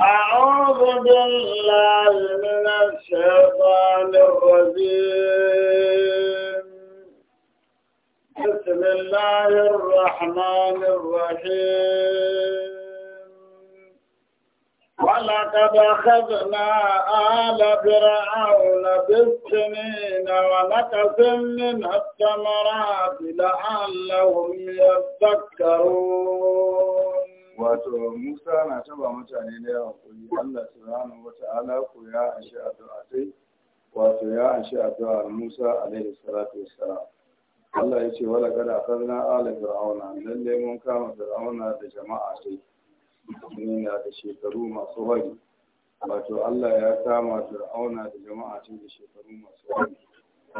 أعوذ بالله من الشيطان الرجيم بسم الله الرحمن الرحيم ولقد أخذنا آل فرعون بالسنين ونقص من الثمرات لعلهم يذكرون wato musa na taba mutane da yawa kuri allah subhanahu wa ta'ala ko ya anshi addu'a sai wato ya anshi addu'a musa alaihi salatu wassalam allah ya ce wala kada akhadna ala fir'auna lalle mun kama fir'auna da jama'a sai ne na da shekaru masu hari wato allah ya kama fir'auna da jama'a sai da shekaru masu hari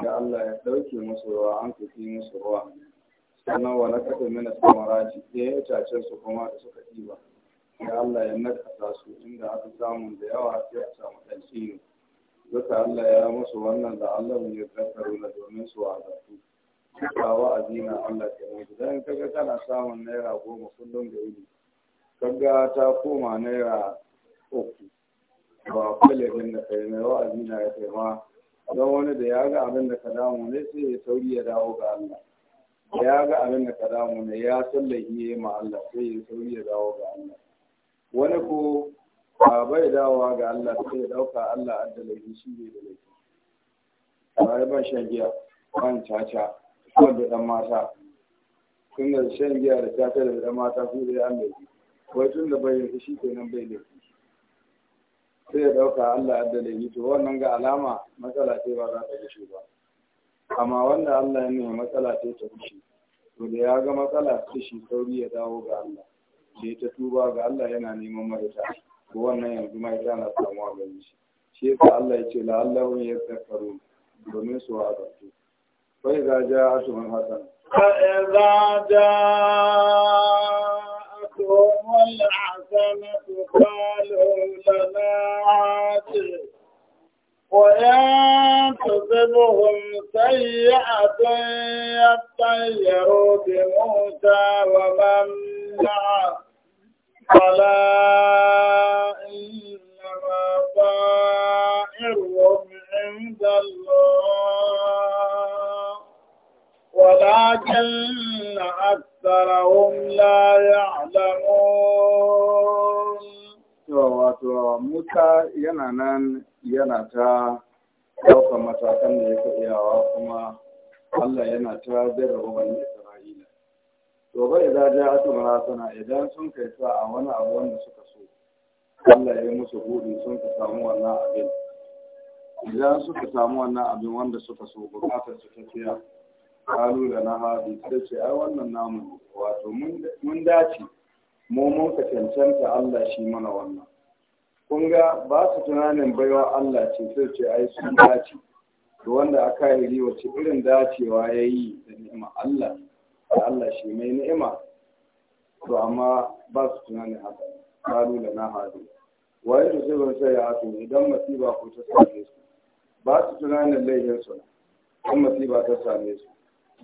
da allah ya dauke musu ruwa an kafi musu ruwa sannan wa na kaɗa mina samarati ya itacen su kuma da suka ɗiba ya Allah ya nakasa su inda aka samu da yawa sai a samu ɗan ne duka Allah ya musu wannan da Allah ya tattaro na domin su a zafi duka wa'azina Allah ke mutu dan kaga kana samun naira goma kullum da iri. kaga ta koma naira uku ba din da kai mai wa'azina ya kai don wani da ya ga abin da ka damu ne sai ya sauri ya dawo ga Allah ya ga abin da kada damu ne ya sallahi ma Allah sai ya sauri ya dawo ga Allah wani ko ba bai dawowa ga Allah sai ya dauka Allah addalai shi ne da laifi ba ya ban shan giya ban caca ban da dan mata tun da shan giya da caca da dan mata su da Allah wai tun da bai yi shi kenan bai laifi sai ya dauka Allah addalai to wannan ga alama matsala ce ba za ta gushe ba amma wanda Allah ya nuna matsala ta ta fushi to da ya ga matsala ta shi sauri ya dawo ga Allah sai ta tuba ga Allah yana neman mafita ko wannan yanzu ma ita na a gare shi shi yasa Allah ya ce la'allahu yadhakkaru domin su wa'azantu fa idza ja'atuhum hasan fa idza ja'atuhum al-hasanatu qalu lana 'atik وإن تصبهم سيئة يطيروا بموسى ومن معه فلا إنما طائرهم عند الله ولكن أكثرهم لا يعلمون wato Musa yana nan yana ta ɗaukar matakan da ya iyawa kuma Allah yana ta jarraba wani Isra'ila. To ba idan ja atu marasana idan sun kai sa a wani abu wanda suka so. Allah ya yi musu buɗi sun ka samu wannan abin. Idan suka samu wannan abin wanda suka so bukatar su ta biya. Kalu da na hadi sai ce ai wannan namu wato mun dace. mu mun ka cancanta Allah shi mana wannan kun ga ba su tunanin baiwa Allah ce sai ce ai sun dace to wanda aka yi wace irin dacewa ya yi da ni'ima Allah da Allah shi mai ni'ima to amma ba su tunanin haka kalu da na hadu waye da zai sai ya hatu idan masiba ko ta same su ba su tunanin laifin su idan masiba ta same su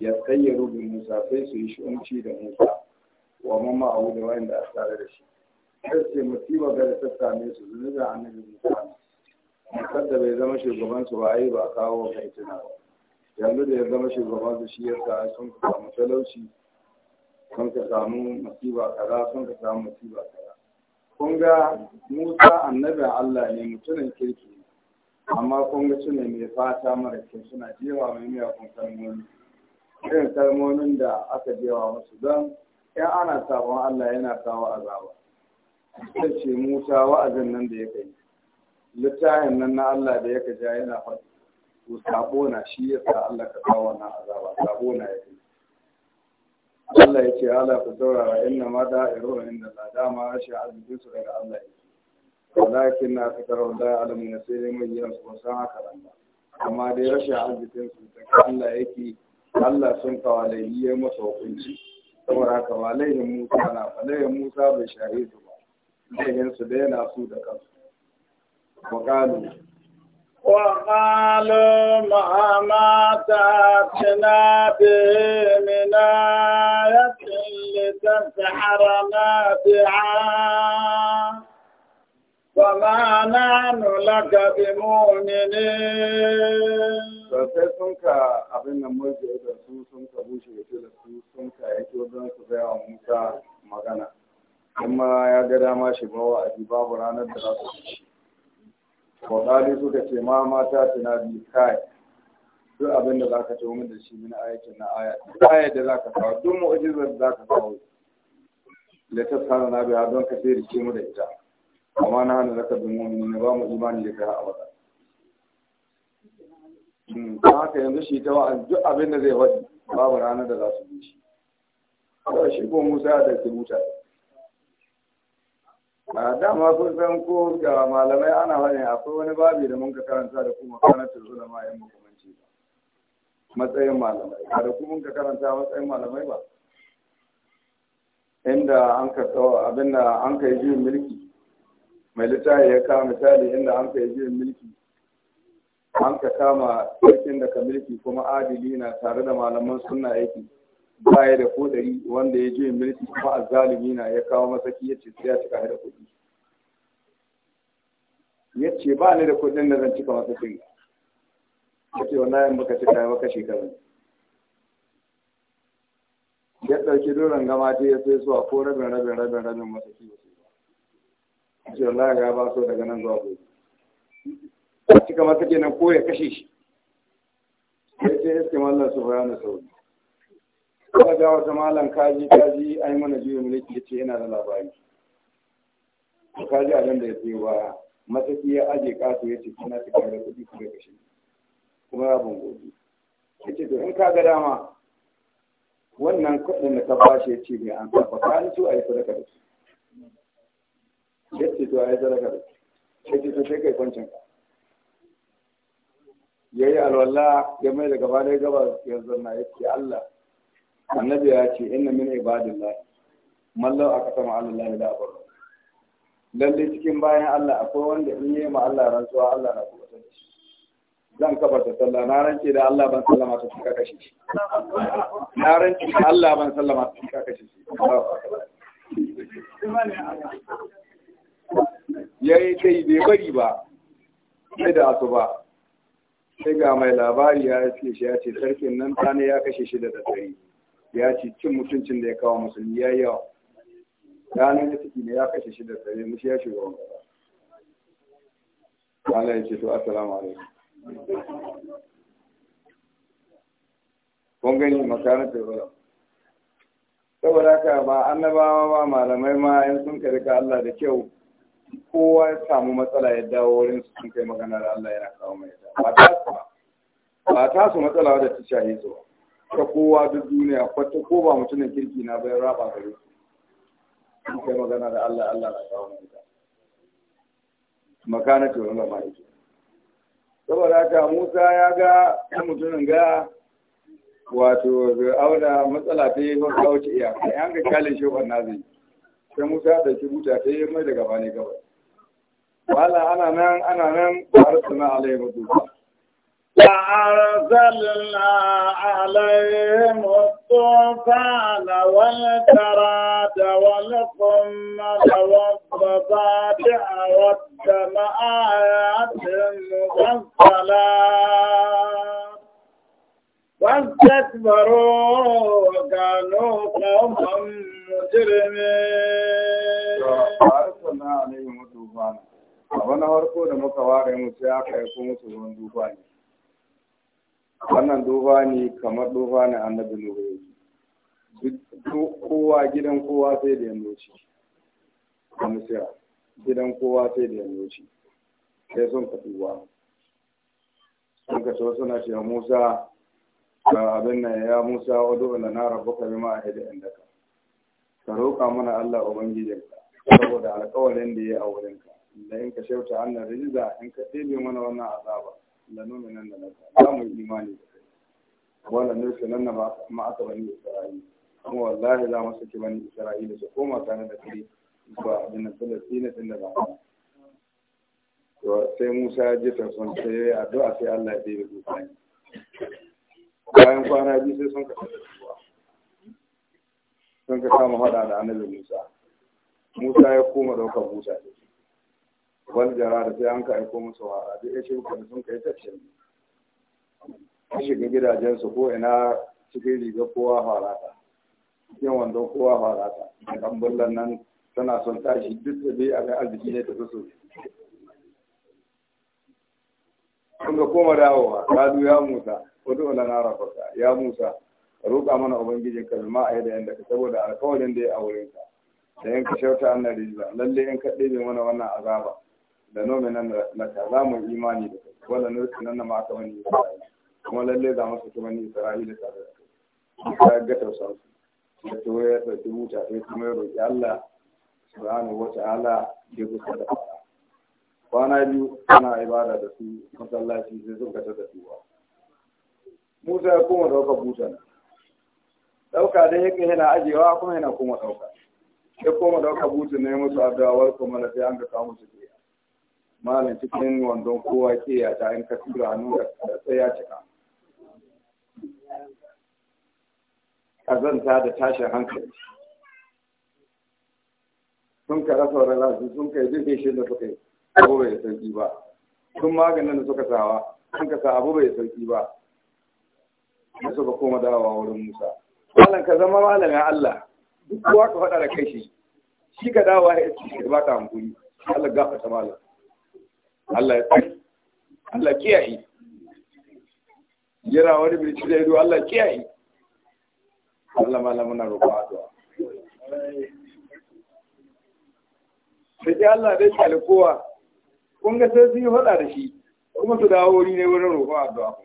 ya tsayyaru bin Musa sai su yi shi da Musa wa mamma abu da wayan da aka da shi sai ce musiba ga da ta same su zunubin annabi musa musar da bai zama shugaban su ba ai ba kawo wa mai ba. yanzu da ya zama shugaban su shi ya sa sun ka samu talauci sun ka samu musiba kaza sun ka samu musiba kaza kun ga musa annabi allah ne mutumin kirki amma kun ga ne mai fata mara kyau suna jewa mai miyakun kalmomi irin kalmomin da aka jewa musu don in ana sabon Allah yana kawo azaba ta ce Musa wa'azin nan da ya kai littafin nan na Allah da ya ja yana faɗi to sabo na shi ya sa Allah ka kawo wannan azaba sabo na ya kai Allah ya ce Allah ku saurara inna ma da iru inda la dama shi azubi su daga Allah ya ce walakin na fitarwa da alamin sai dai mai yin su san haka nan amma dai rashin arzikin su daga Allah yake Allah sun kawalayi ya masa hukunci saboda haka ba musa na ba musa bai share su ba laihin su da yana su da kansu وقالوا وقالوا مهما تأتنا به من آية لتسحرنا بها وما نحن لك ne. ba sai sun ka abin nan mulki da su sun ka bushe da da su sun ka yake wajen su gaya wa musa magana kuma ya ga dama shi ba wa aji babu ranar da za su ci kwaɗali suka ce ma mata tana bi kai duk abin da za ka ce da shi mini aikin na aya ayat da za ka kawo duk mu'ajizar da za ka kawo da sana na biya don ka sai rike mu da ita amma na hannu zaka bin mu ne ba mu imani da kai a wata ta haka yanzu shi ta wa'an duk abin da zai faɗi babu ranar da za su bi shi kawai shi ko musa da ke wuta a dama kun san ko ga malamai ana wani akwai wani babi da mun ka karanta da kuma zuwa ulama yan makamanci ba matsayin malamai ba da kuma ka karanta matsayin malamai ba inda an ka tsawo abinda an ka yi mulki mai littafi ya kawo misali inda an ka yi juyin mulki an ka kama sarkin da kamilki kuma adili na tare da malaman suna aiki baya da kodari wanda ya je milki kuma zalimi na ya kawo masaki ya ce sai ya cika da kudi ya ce ba ni da kudin da zan cika masakin ya ce wallahi in baka cika baka shekaru ya ɗauki doron gama ce ya sai zuwa ko rabin rabin rabin rabin masaki ya ce wallahi ya ba so daga nan zuwa kudi cika ke nan ko ya kashe shi sai ya ce mallan su bayan na sauri kuma ga wata mallan kaji kaji yi mana juya mulki ya ce yana da labari kaji a nan da ya ce baya mataki ya aje kasu ya ce kina ta da kuɗi ku ya kashe kuma ya bungoji ya ce to in ka ga dama wannan kuɗin da ka bashi ya ce mai an kafa ka su a yi sadaka da su ya ce to a yi sadaka da su ya ce to sai kai kwancin ka ya yi alwala ya mai da gaba dai gaba ya zanna ya ce Allah annabi ya ce inna min ibadillah mallau aka sama Allah da abar lalle cikin bayan Allah akwai wanda in yi ma Allah rantsuwa Allah na kuma san shi zan kafa ta sallah na rance da Allah ban sallama ta cika kashi shi na rance da Allah ban sallama ta cika kashi shi yayi kai bai bari ba sai da asuba sai ga mai labari ya iske shi ya ce sarkin nan tane ya kashe shi da daddare ya ce cin mutuncin da ya kawo musulmi ya yi yawa ranar ya ne ya kashe shi da daddare mushi ya shiga wani gaba Allah ya ce to assalamu alaikum kun gani makarantar da saboda haka ba annabawa ba malamai ma yan sun karika Allah da kyau kowa ya samu matsala ya dawo wurin su sun kai magana da Allah yana kawo mai da ba ta su ba ba ta su matsala wadda ta shaye su ta kowa duk duniya kwata ko ba mutumin kirki na bayan raba gare su sun kai magana da Allah Allah na kawo mai da makana ce wani lama yake saboda haka Musa ya ga ɗan mutumin ga wato auna matsala ta yi wata wuce iyaka yan ga kyalin shi wannan zai sai Musa ya ɗauki buta ta yi mai daga bane gabas ولا انا nan انا nan ba ما alaihim duba فأرسلنا عليهم الطوفان والكراد والقمل والضفادع والدم آيات والصلاة واستكبروا وكانوا قوما مجرمين. abu na harko da muka ware mu sai aka yi kuma su ruwan duba ne wannan duba ne kamar duba ne annabi nuhu yi. kowa gidan kowa sai da yammaci a misira gidan kowa sai da yammaci sai sun ka duba sun ka so suna cewa musa ga abin nan ya musa wadu na na rabu ka bi ma'ahida inda ka ka roƙa mana allah ubangijinka saboda alƙawarin da ya yi a wurinka da in ka shauta annan rijiza in ka ɗebe mana wannan azaba da nuna nan da nasa za mu yi imani da kai wala ne su nan na ma aka bani isra'ila kuma wallahi za mu saki bani isra'ila su koma tare da kai zuwa abin filistina tun da ba to sai musa ya je tarson sai ya yi addu'a sai allah ya ɗebe yi. bayan kwana biyu sai sun ka sun ka kama haɗa da annabi musa musa ya koma ɗaukar buta ne wal jara da sai an ka aiko musu wara duk ya shirka sun kai tacce an shiga gidajensu ko ina cikin riga kowa harata cikin wando kowa harata da kan bullan nan tana son tashi duk da bai a ga arziki ne ta so kun ga koma dawowa kalu ya musa wato wala na rafaka ya musa roƙa mana ubangijin ka zama a da yadda ka saboda alƙawarin da ya a wurin ka da yanka ka shauta annar rijila lalle in kaɗe ɗebe mana wannan azaba da nominan laka za mu imani da kai wala nursi nan na maka wani yi. kuma lalle za mu saki wani isra'ila tare da kai ka ga ta sa da to ya ji muta sai kuma ya roki Allah subhanahu wa ta'ala ya gusa da kwana biyu ana ibada da su masallaci sai sun gata da tuwa Musa ya koma ɗaukar butan dauka dai yake yana ajewa kuma yana kuma dauka ya koma ɗaukar butan ne musu addu'a warko mana sai an ga kawo musu malam cikin wandon kowa ke ya ta in ka tura hannu da sai ya cika kazanta da tashin hankali sun ka rasa wani lasu sun kai duk shi da suka yi abu bai sauki ba sun maganin da suka sawa sun ka sa abu bai sauki ba da suka koma dawa wurin musa malam ka zama malamin allah duk kowa ka faɗa da kai shi shi ka dawa ya shi ba ta hankuli allah gafa ta malam Allah ya tsari Allah kiyaye jira wani birci da ido Allah kiyaye Allah malam muna roƙon addu'a sai Allah dai kyale kowa kun ga sai sun yi faɗa da shi kuma su dawo wuri ne wurin roƙon addu'a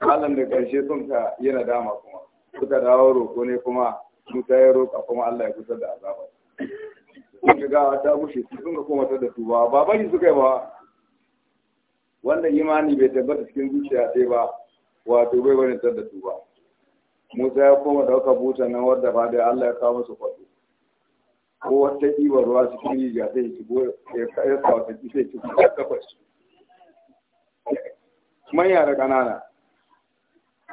Malam da ƙarshe sun ka yana dama kuma suka dawo roƙo ne kuma su ta yi roƙa kuma Allah ya kusa da azabar kun ga ta bushe sun ga ta da su ba ba bari yi ba wannan imani bai tabbata cikin zuciya sai ba wato bai bari ta da su ba Musa ya koma ɗaukar butan nan wadda ba da Allah ya kawo musu kwaɗo ko wata ɗibar ruwa kiri ga sai ya shigo ya kawo ta sai ya shigo ya kafa manya da ƙanana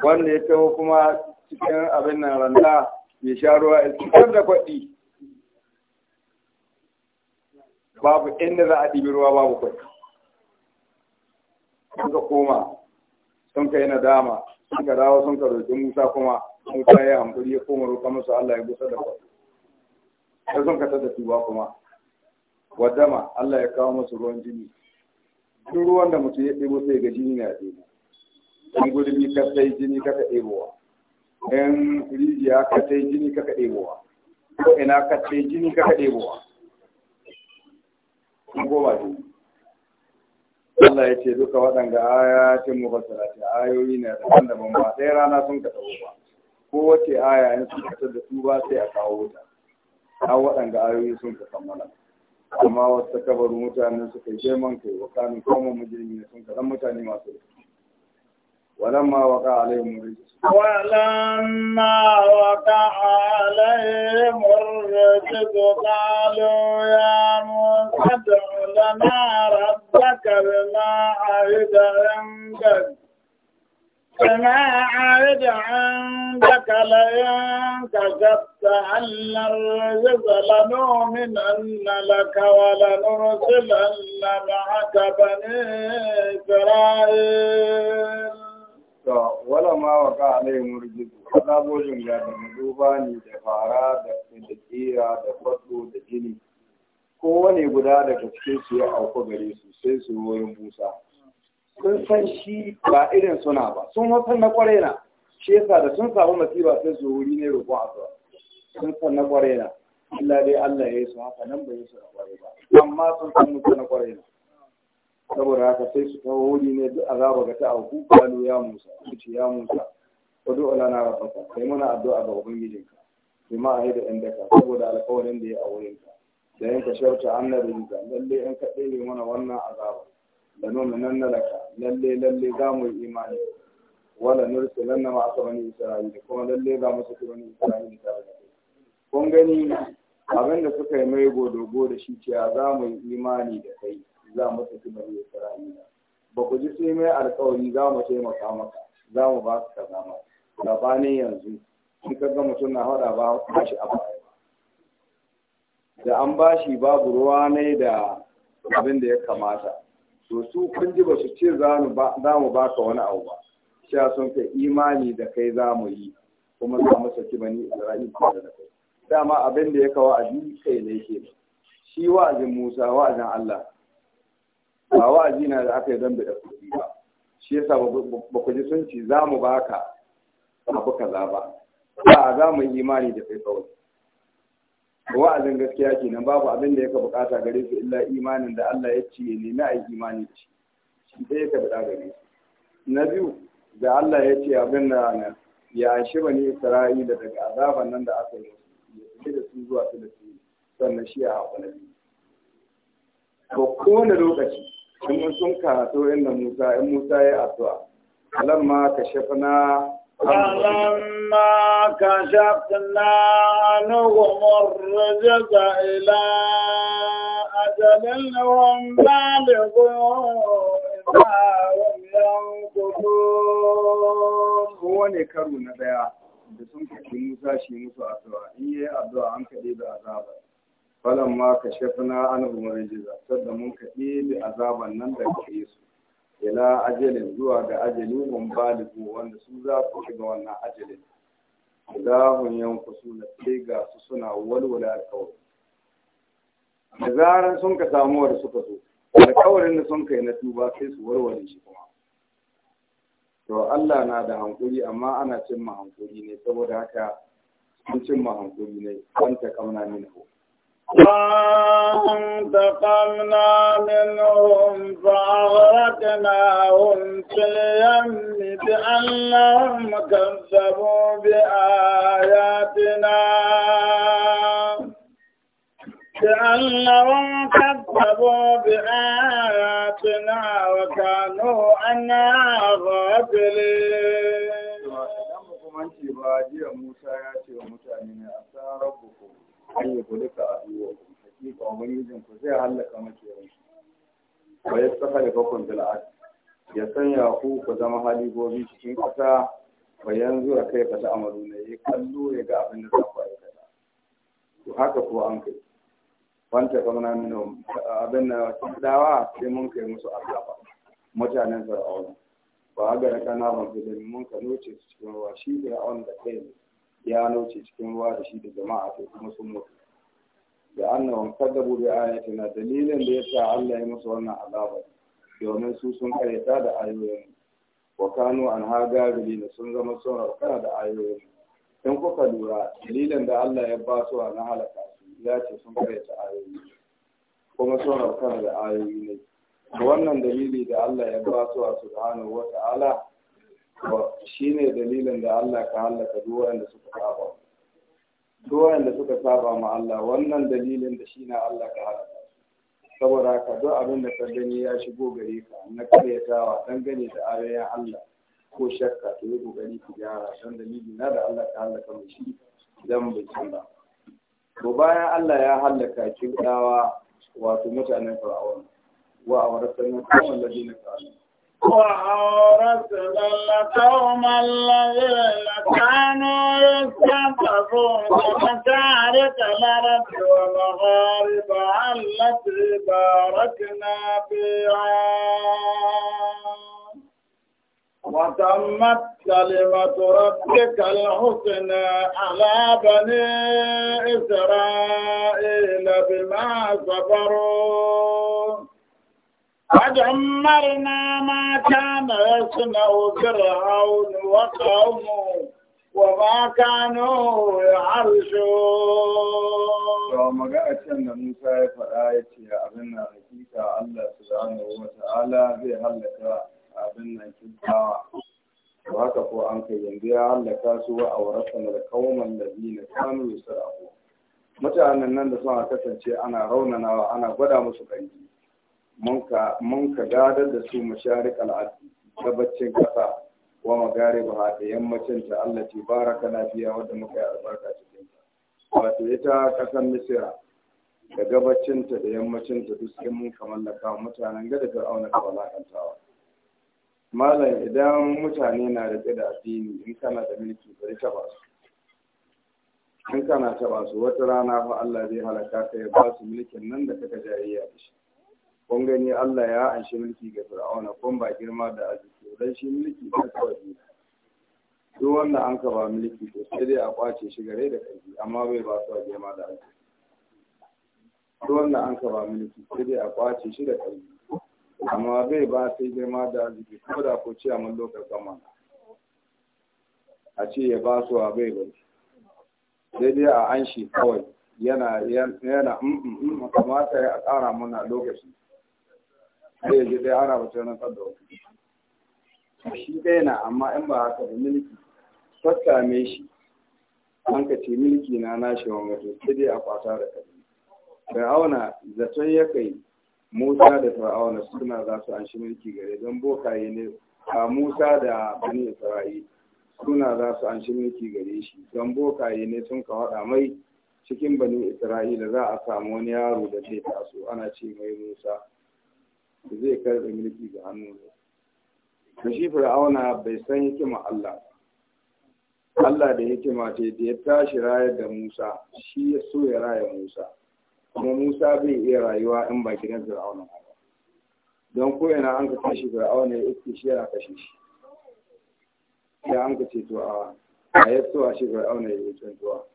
wanda ya taho kuma cikin abin nan randa ya sha ruwa ya fitar da kwaɗi babu inda za a ɗibi ruwa babu kwai sun ka koma sun ka yi nadama sun ka dawo sun ka roƙi musa kuma musa ya hankuri ya koma roƙa musu allah ya gusa da kwai sai sun ka da tuba kuma wadama allah ya kawo musu ruwan jini duk ruwan da mutum ya ɗebo sai ga jini na ɗebo in gurbi ka sai jini kaka ɗebowa in rijiya ka sai jini kaka ɗebowa ko ina ka sai jini kaka ɗebowa sun goma Allah ya ce duka waɗanda ayatin mubassarati ayoyi ne daban-daban ba ɗaya rana sun ka tabo ba wace aya in sun fitar da su ba sai a kawo ta an waɗanda ayoyi sun ka kammala amma wasu kabaru mutanen suka yi girman kai wa kanin kawon mujirmi sun ka mutane masu rikici ولما وقع عليهم الرجس ولما وقع عليهم الرجس قالوا يا موسى ادع لنا ربك بما عهد عندك بما عهد عندك لئن كشفت عنا الرجس لنؤمنن لك ولنرسلن معك بني إسرائيل to wala ma wa ka alai murjizu bojin ga da duba ni da fara da kira da fatu da gini kowane guda daga cikin su ya auku gare su sai su wurin busa sun san shi ba irin suna ba sun san na kwarai na shi yasa da sun samu masiba sai su wuri ne a addu'a sun san na kwarai na illa dai Allah ya yi su haka nan bai yi su na kwarai ba amma sun san mutu na kwarai na saboda haka sai su kawo wuri ne duk azaba ga ta auku kalu ya musa ce ya musa wadu ala na rabbaka kai mana addu'a ga ubangijinka bima a da yan daka saboda alƙawarin da ya auren ka da yanka sharta an na rubuta lalle yan kaɗai ne mana wannan azaba da nuna nan na laka lalle lalle za mu yi imani wala nursi nan na wani bani isra'ila kuma lalle za mu saki bani isra'ila tare da kai kun gani abin da suka yi mai godogo da shi cewa za mu yi imani da kai za mu tafi bari Isra'ila ba ku ji sai mai alƙawari za mu taimaka maka za mu ba ka kaza ma labanin yanzu Shi ka ga mutum na hada ba ba shi a baya da an ba shi babu ruwa ne da abin da ya kamata to su kun ji ba su ce za mu ba ka wani abu ba Sha sun kai imani da kai za mu yi kuma za mu saki bani Isra'ila da kai dama abin da ya kawo a kai ne ke shi wa'azin Musa wa'azin Allah ba wa'azi na da aka yi don da kuɗi ba shi yasa ba ku ji sun ce za mu baka abu kaza ba ba za mu yi imani da kai kawai wa'azin gaskiya kenan babu abin da yaka bukata gare su illa imanin da Allah ya ce ne na ai imani da shi shi sai yake bada gare su na biyu da Allah ya ce abin da nan ya shi bani Isra'ila daga azaban nan da aka yi ya da su zuwa su da su sannan shi a haƙura ko kowane lokaci kuma sun karatu inda Musa in Musa ya addu'a lamma kashafna lamma kashafna anhum ar-rijza ila ajalin hum balighu kowane karo na daya da sun kashi Musa shi musu addu'a in yi addu'a an kaɗe da azaba falan ma ka shafina ana umarin jiza da mun ka ɗebe azaban nan da gare su ila ajalin zuwa ga ajali ban balibu wanda su za ku shiga wannan da ilahun yanku su na ga su suna walwala alkawari da zarar sun ka samu wanda suka so alkawarin da sun kai na tuba sai su warware shi kuma to Allah na da hankuri amma ana cimma hankuri ne saboda haka sun cimma hankuri ne wanta kamna min hau فانتقمنا منهم فأغرقناهم في اليم بأنهم كذبوا بآياتنا بأنهم كذبوا بآياتنا وكانوا عنها غافلين. Musa ya ce wa mutane ne a tsarar an yi kulika a duwa hakika ubangijin ku zai hallaka makiyayin shi wa ya saka da bakon bil'ad ya sanya ku ku zama hali halibobi cikin ƙasa yanzu a kai ka ta amaru ne ya kallo ya ga abin da za ku aikata to haka ko an kai wanta kamar nuna abin na dawa sai mun kai musu azaba mutanen fir'auna ba ga da kana ban mun ka noce cikin ruwa shi fir'auna da kai ne ya nauce cikin ruwa da shi da jama'a sai kuma sun mutu da kaddabu da ayati na dalilin da yasa Allah ya musu wannan azaba domin su sun karyata da ayoyin wa kanu an haga da sun zama sun raukana da ayoyin in kuka lura dalilin da Allah ya ba su na halaka su ya ce sun karyata ayoyi kuma sun raukana da ayoyi ne wannan dalili da Allah ya ba su subhanahu ta'ala. shi ne dalilin da Allah ka hallaka duk wanda suka saba duk wanda suka saba ma Allah wannan dalilin da shi na Allah ka hallaka saboda haka duk abin da ka gani ya shigo gare ka na karyatawa dangane da ayoyin Allah ko shakka to yi kokari ki gyara don dalili na da Allah ka hallaka mu shi idan bai san ba to bayan Allah ya hallaka kibdawa wato mutanen fir'auna wa awrasana kuma ladina kanu وأورثنا القوم الذين كانوا يستضعفون مشارق الأرض ومغاربها التي باركنا فيها وتمت كلمة ربك الحسنى على بني إسرائيل بما صبروا ودمرنا ما كان يصنع فرعون وقومه وما كانوا يعرشون. وما قالت أن موسى فآية يا أبنا حقيقة الله سبحانه وتعالى في هلك أبنا كذا وهكذا هو أنك ينبيع هلك سوى أورثنا القوم الذين كانوا يسرعون. متى أن الناس ما كتبت أنا روننا وأنا غدا مسكين. mun ka gadar da su masharik al'adu gabacin ƙasa wa ba da yammacin ta Allah ce baraka na biya wadda muka yi albarka cikin ta wato ita ƙasar misira da gabacin ta da yammacin ta duk sai mun mallaka mutanen gada ta auna da walakantawa malam idan mutane na da da addini in kana da mulki bari taɓa su in kana taɓa su wata rana fa Allah zai halaka ka ya ba su mulkin nan da kaka jayayya da shi kun gani Allah ya anshi mulki ga fir'auna kun ba girma da aziki dan shi mulki ba kawai duk wanda an ka ba mulki to sai dai a kwace shi gare da ƙarfi amma bai ba su girma da aziki. duk wanda an ka ba mulki sai dai a kwace shi da ƙarfi amma bai ba sai girma da arziki ko da ko ce a mun lokacin gama a ce ya ba su a bai bai sai dai a an kawai yana yana mm, mm, mm, kamata ya tsara mana lokaci sai ji dai ana mutum na da wasu shi ɗaya na amma in ba haka da mulki fasta mai shi an ka ce miliki na nashi wanga to sai dai a kwasa da da auna zaton ya kai musa da fir'auna suna za su an shi mulki gare don bokaye ne a musa da bani isra'ila suna za su an shi mulki gare shi don bokaye ne sun ka faɗa mai cikin bani isra'ila za a samu wani yaro da zai taso ana ce mai musa zai karɓe mulki ga hannu da shi fir'auna bai san hikima Allah Allah da hikima ce da ya tashi rayar da Musa shi ya so ya raya Musa kuma Musa bai iya rayuwa in ba gidan fir'auna ba don ko yana an ka tashi fir'auna ya iske shi yana kashe shi ya an ka ce to a a ya so a shi fir'auna ya yi tuntuwa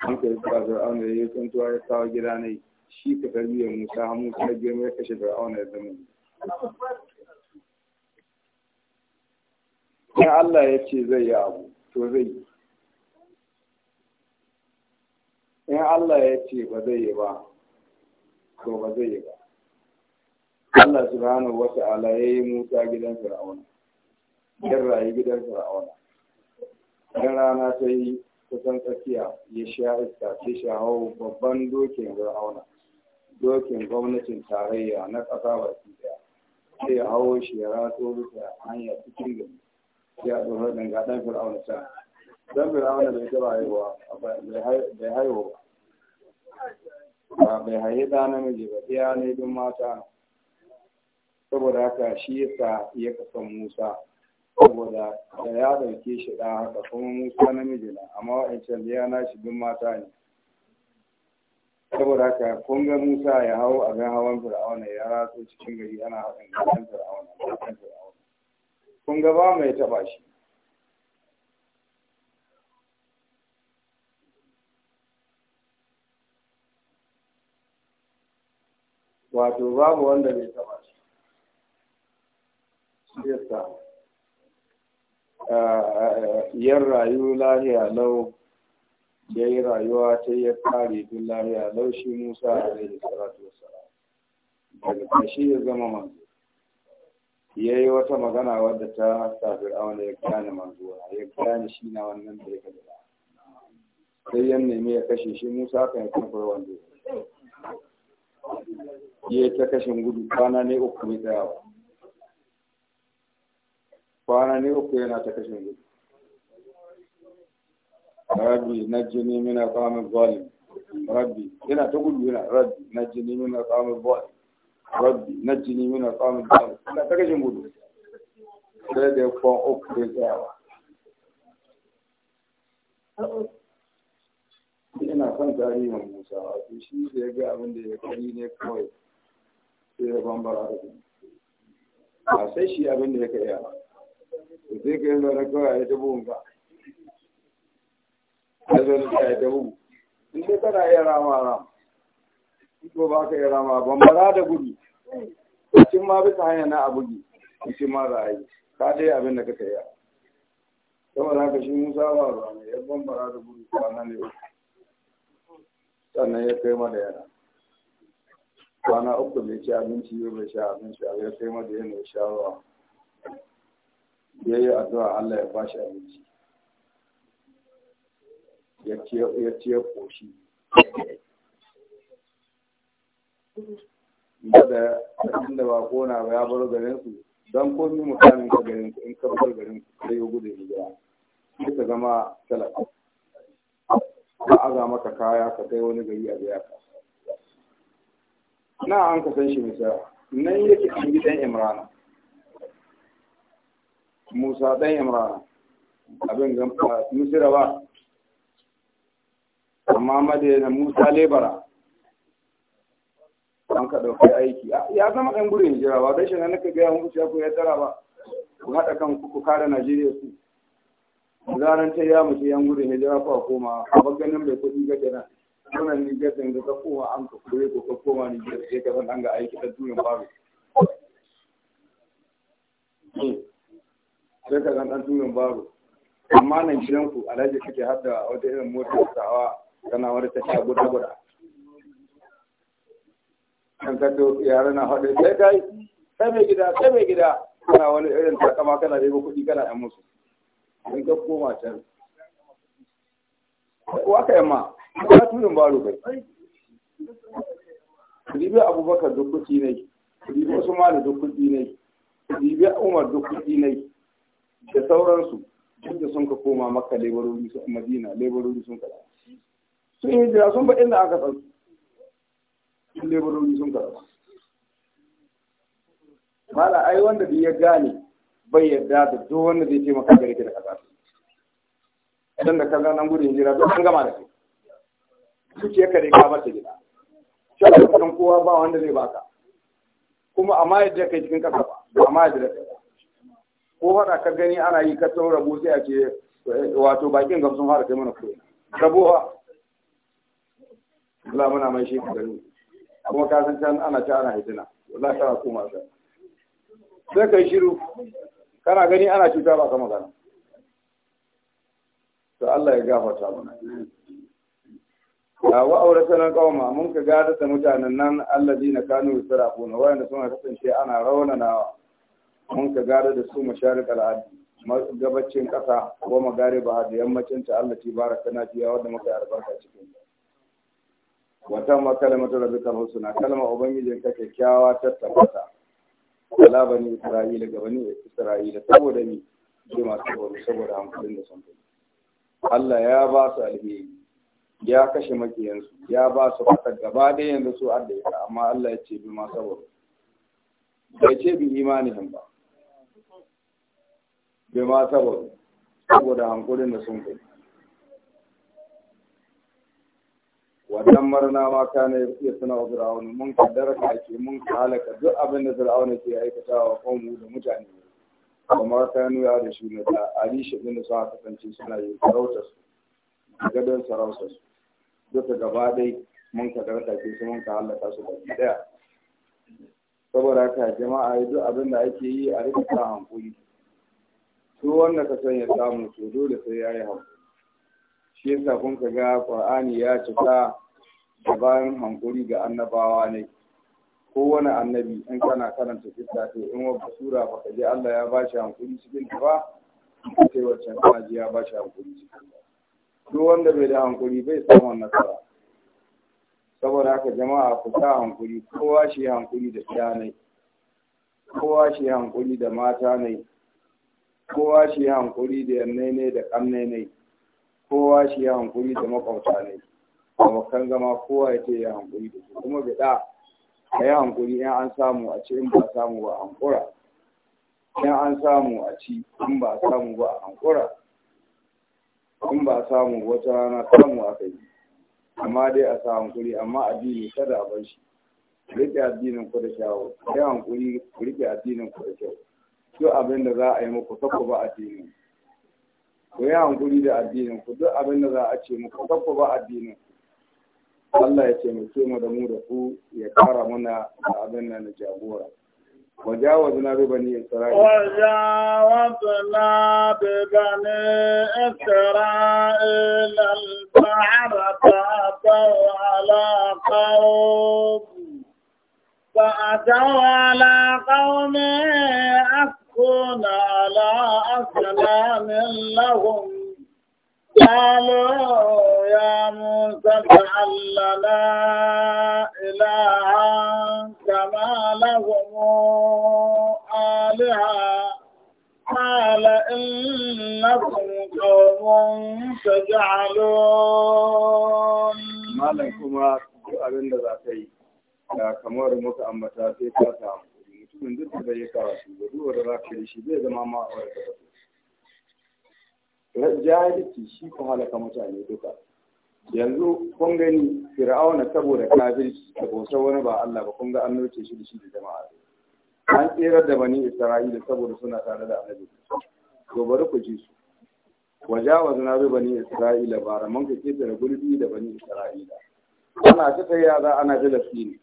an ka ya yi tuntuwa ya kawo gida ne shi ka ya musa ta musa girma ya kashe fir'auna ya zama in Allah ya ce zai yi abu to zai yi in Allah ya ce ba zai yi ba to ba zai yi ba Allah subhanahu wata ala ya yi Musa gidan Fir'auna yan rayu gidan Fir'auna yan rana ta yi kusan tsakiya ya sha iska ta hau, babban dokin Fir'auna dokin gwamnatin tarayya na ƙasa baki daya sai ya hawo shi ya ratso bisa hanya cikin gari sai a tsoron danga ɗan fir'auna can dan fir'auna bai taɓa haihuwa bai haihu ba bai haihu ɗa namiji ba ɗaya ne don mata saboda haka shi ya sa ya kasan musa saboda da ya ɗauke shi ɗa haka kuma musa namiji na amma wa'ancan ya na shi don mata ne saboda haka kun ga Musa ya hau a gan hawan Fir'auna ya ratso cikin gari ana haɗin gaban Fir'auna kan Fir'auna kun ga ba mai taɓa shi wato babu wanda bai taɓa shi shi yasa eh, eh, eh, yan rayu lahiya lau ya yi rayuwa ta yi kare duk lariya laushi musa a zai da wasala daga kashi ya zama manzo ya yi wata magana wadda ta safir a wanda ya gane manzo ya gane shi na wannan da ya kada sai yan nemi ya kashe shi musa kan ya kamfar wanda ya ta kashin gudu kwana ne uku mai tsayawa kwana ne uku yana ta kashin gudu rabbi najjini min aqamil zalim rabbi yana ta gudu yana rabbi najjini min aqamil zalim rabbi najjini min aqamil zalim ina ta gajin gudu sai da kwan uku da tsayawa ina son tarihin musa wato shi da ya abin da ya kari ne kawai sai ya bambara da ba sai shi abin da ya kai yawa sai ka yi zaune kawai ya ta bugun a zan da ya ndị iya rama ram ko ba ka iya rama bambara da gudu cikin ma bisa hanya na abugi cikin ma ra'ayi ka dai abin da ka yi saboda haka shi musa ba ba ne ya bambara da gudu kwanan ne sannan ya kai mana yana kwana uku bai ci abinci yau bai sha abinci ya kai mana yana ya sha ruwa ya yi addu'a Allah ya bashi abinci ya ce ya koshi da cikin da ba kona ba ya bar garin su don komi mutanen ka garin su in ka bar garin su sai ya gudu hijira sai ka zama talaka ba a za maka kaya ka kai wani gari a biya ka na an ka san shi misali nan yake an gidan imrana musa ɗan imrana abin gamfa misira ba Muhammad da Musa Lebara an ka ɗauki aiki ya zama ɗan gudun hijira ba don shi na ka gaya muku ko ya tara ba ku haɗa kan ku kare Najeriya su zaran ta ya mutu yan gudun hijira ko koma a ganin bai kuɗi ga kenan wannan Niger din da ka koma an ka kure ko ka koma Niger sai ka san ga aiki ta duniyar babu sai ka san ɗan duniyar babu amma nan ku alhaji kake hadda wata irin motar sawa kana wani ta sha guda guda kan ka to na haɗe sai kai sai mai gida sai mai gida kana wani irin takama kana ɗebo kuɗi kana yan musu in ka koma can waka yamma ka tunin baro kai ribi abubakar duk kuɗi ne ribi usman duk kuɗi ne ribi umar duk kuɗi ne da sauransu duk da sun ka koma maka lebarori sun madina lebarori sun ka dawo sun yi jira sun faɗin da aka san sun leburori sun karɓa mala ai wanda da ya gane bai yarda da duk wanda zai taimaka gare ka da kasa idan da kaza nan gudun jira duk an gama da kai Su ce dai ka bar ta gida shi kan kowa ba wanda zai baka kuma amma yadda kai cikin kasa ba amma yadda kai ko hada ka gani ana yi ka tsoro rabo sai a ce wato bakin gamsun fara kai mana koyi rabuwa Allah muna mai shi ka gani kuma ka san can ana ta ana hidina wallahi kana ma sai sai kai shiru kana gani ana cuta ba ka magana to Allah ya gafarta mana wa auratan qauma mun ka gada da mutanen nan alladina kanu yusrafuna wanda suna kasance ana raunana mun ka gada da su masharik al'adi gabacin kasa ko ba da yammacin ta Allah ti baraka na jiya, wanda muka albarka cikin ta wata ma kalimatu rabbikal husna kalma ubangijin ka kyakkyawa ta tabbata ala bani isra'ila ga bani isra'ila saboda ni ke masu baro saboda hankalin da sun Allah ya ba su alheri ya kashe makiyansu ya ba su fata gaba da yanzu su adda ita amma Allah ya ce bi ma saboda bai ce bi imanin ba bi ma saboda saboda hankulin da sun kai ودمرنا ما كان يصنع فرعون من قدر كاكي من قالك دو أبن فرعون كي أيكتا وقومه لمتعني وما كانوا يعرشون دا kasance suna yin sarauta سنة يتروتس gadon duk da gaba dai mun ka ke su mun ka hallaka su baki daya saboda haka jama'a yanzu, abin da ake yi a rika ta hankuli To wannan ka sanya ya samu to dole sai yayi yi shi yasa kun ka ga qur'ani ya cika da bayan hankuri ga annabawa ne kowane annabi in kana karanta kitta to in wata sura ka je Allah ya bashi hankuri cikin ta ba sai wancan kana ji ya bashi hankuri cikin ta duk wanda bai da hankuri bai samun nasara saboda haka jama'a ku sa hankuri kowa shi hankuri da ɗaya ne kowa shi hankuri da mata ne kowa shi hankuri da yanne ne da ƙannai ne kowa shi ya hankuri da makwabta ne abokan zama kowa ya ce ya hankuri da su kuma bida ka yi hankuri in an samu a ci in ba samu ba hankura in an samu a ci in ba samu ba hankura in ba samu wata rana samu aka yi amma dai a sa hankuri amma addini kada a bar shi rike addinin ku da kyawu ya hankuri rike addinin ku da kyau duk abin da za a yi muku ta ku ba addinin ku yi hankuri da addinin ku duk abin da za a ce muku ku ba addinin Allah ya taimake mu da mu da ku ya kara mana da abin nan na jagora وجاوزنا ببني إسرائيل وجاوزنا ببني إسرائيل البحر فأتوا على قوم فأتوا على قوم يكون على أسلام لهم قالوا يا موسى اجعل لنا إلها كما لهم آلهة قال إنكم قوم تجعلون ما لكم abin da za ta yi da kamar muka ambata sai ta samu mutumin duk da bai karatu ba duk da za ka yi shi zai zama ma a wani karatu jahilci shi ka halaka mutane duka yanzu kun gani fir'auna saboda kafirci da bauta wani ba Allah ba kun ga an noce shi da shi da jama'a an tsere da bani isra'ila saboda suna tare da annabi to bari ku ji su wajawazna bi bani isra'ila bara man ka kete da gulbi da bani isra'ila ana ta tsaya za ana filastini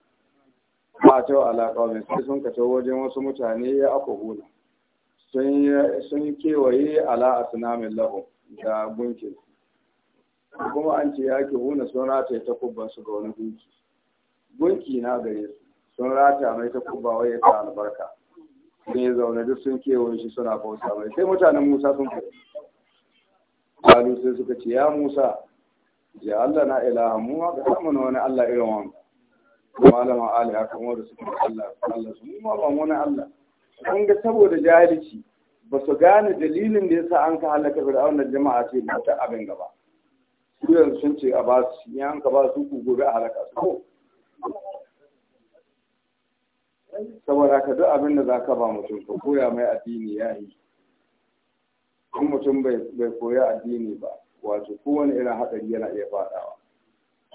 ba ta alaƙa mai sai sun kato wajen wasu mutane ya aka hula sun kewaye ala a mai lahu da gunkin kuma an ce ya ke huna sun rata ta kubban su ga wani gunki gunki na gare su sun rata mai ta kubba wai ya sa albarka sun yi zaune duk sun kewaye shi suna bauta mai sai mutanen musa sun fi kalu sai suka ce ya musa ya allah na ilaha mu ma samun wani allah irin wanda malama aliya kamar da suke Allah Allah su ma ba wani Allah kun ga saboda jahilci ba su gane dalilin da yasa an ka halaka fir'aun da jama'a ce ba ta abin gaba su yanzu sun ce a ba su in ka ba su ku gobe a halaka su ko saboda ka duk abin da za ka ba mutum ka koya mai addini ya yi in mutum bai koya addini ba wato kowane irin haɗari yana iya faɗawa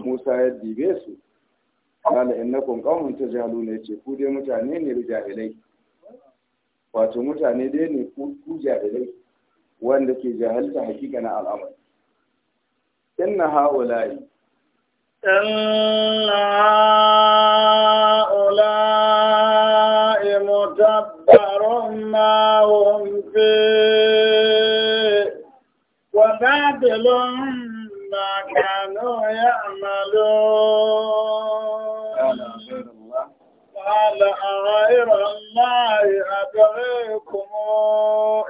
musa ya dibe su kala innakum qaumun tajhaluna yace ku dai mutane ne jahilai wato mutane dai ne ku jahilai wanda ke jahalta hakika na al'amari inna haula'i inna haula'i mutabbarun ma hum fi wa babilun ma kanu ya'malun قال أغير الله أبغيكم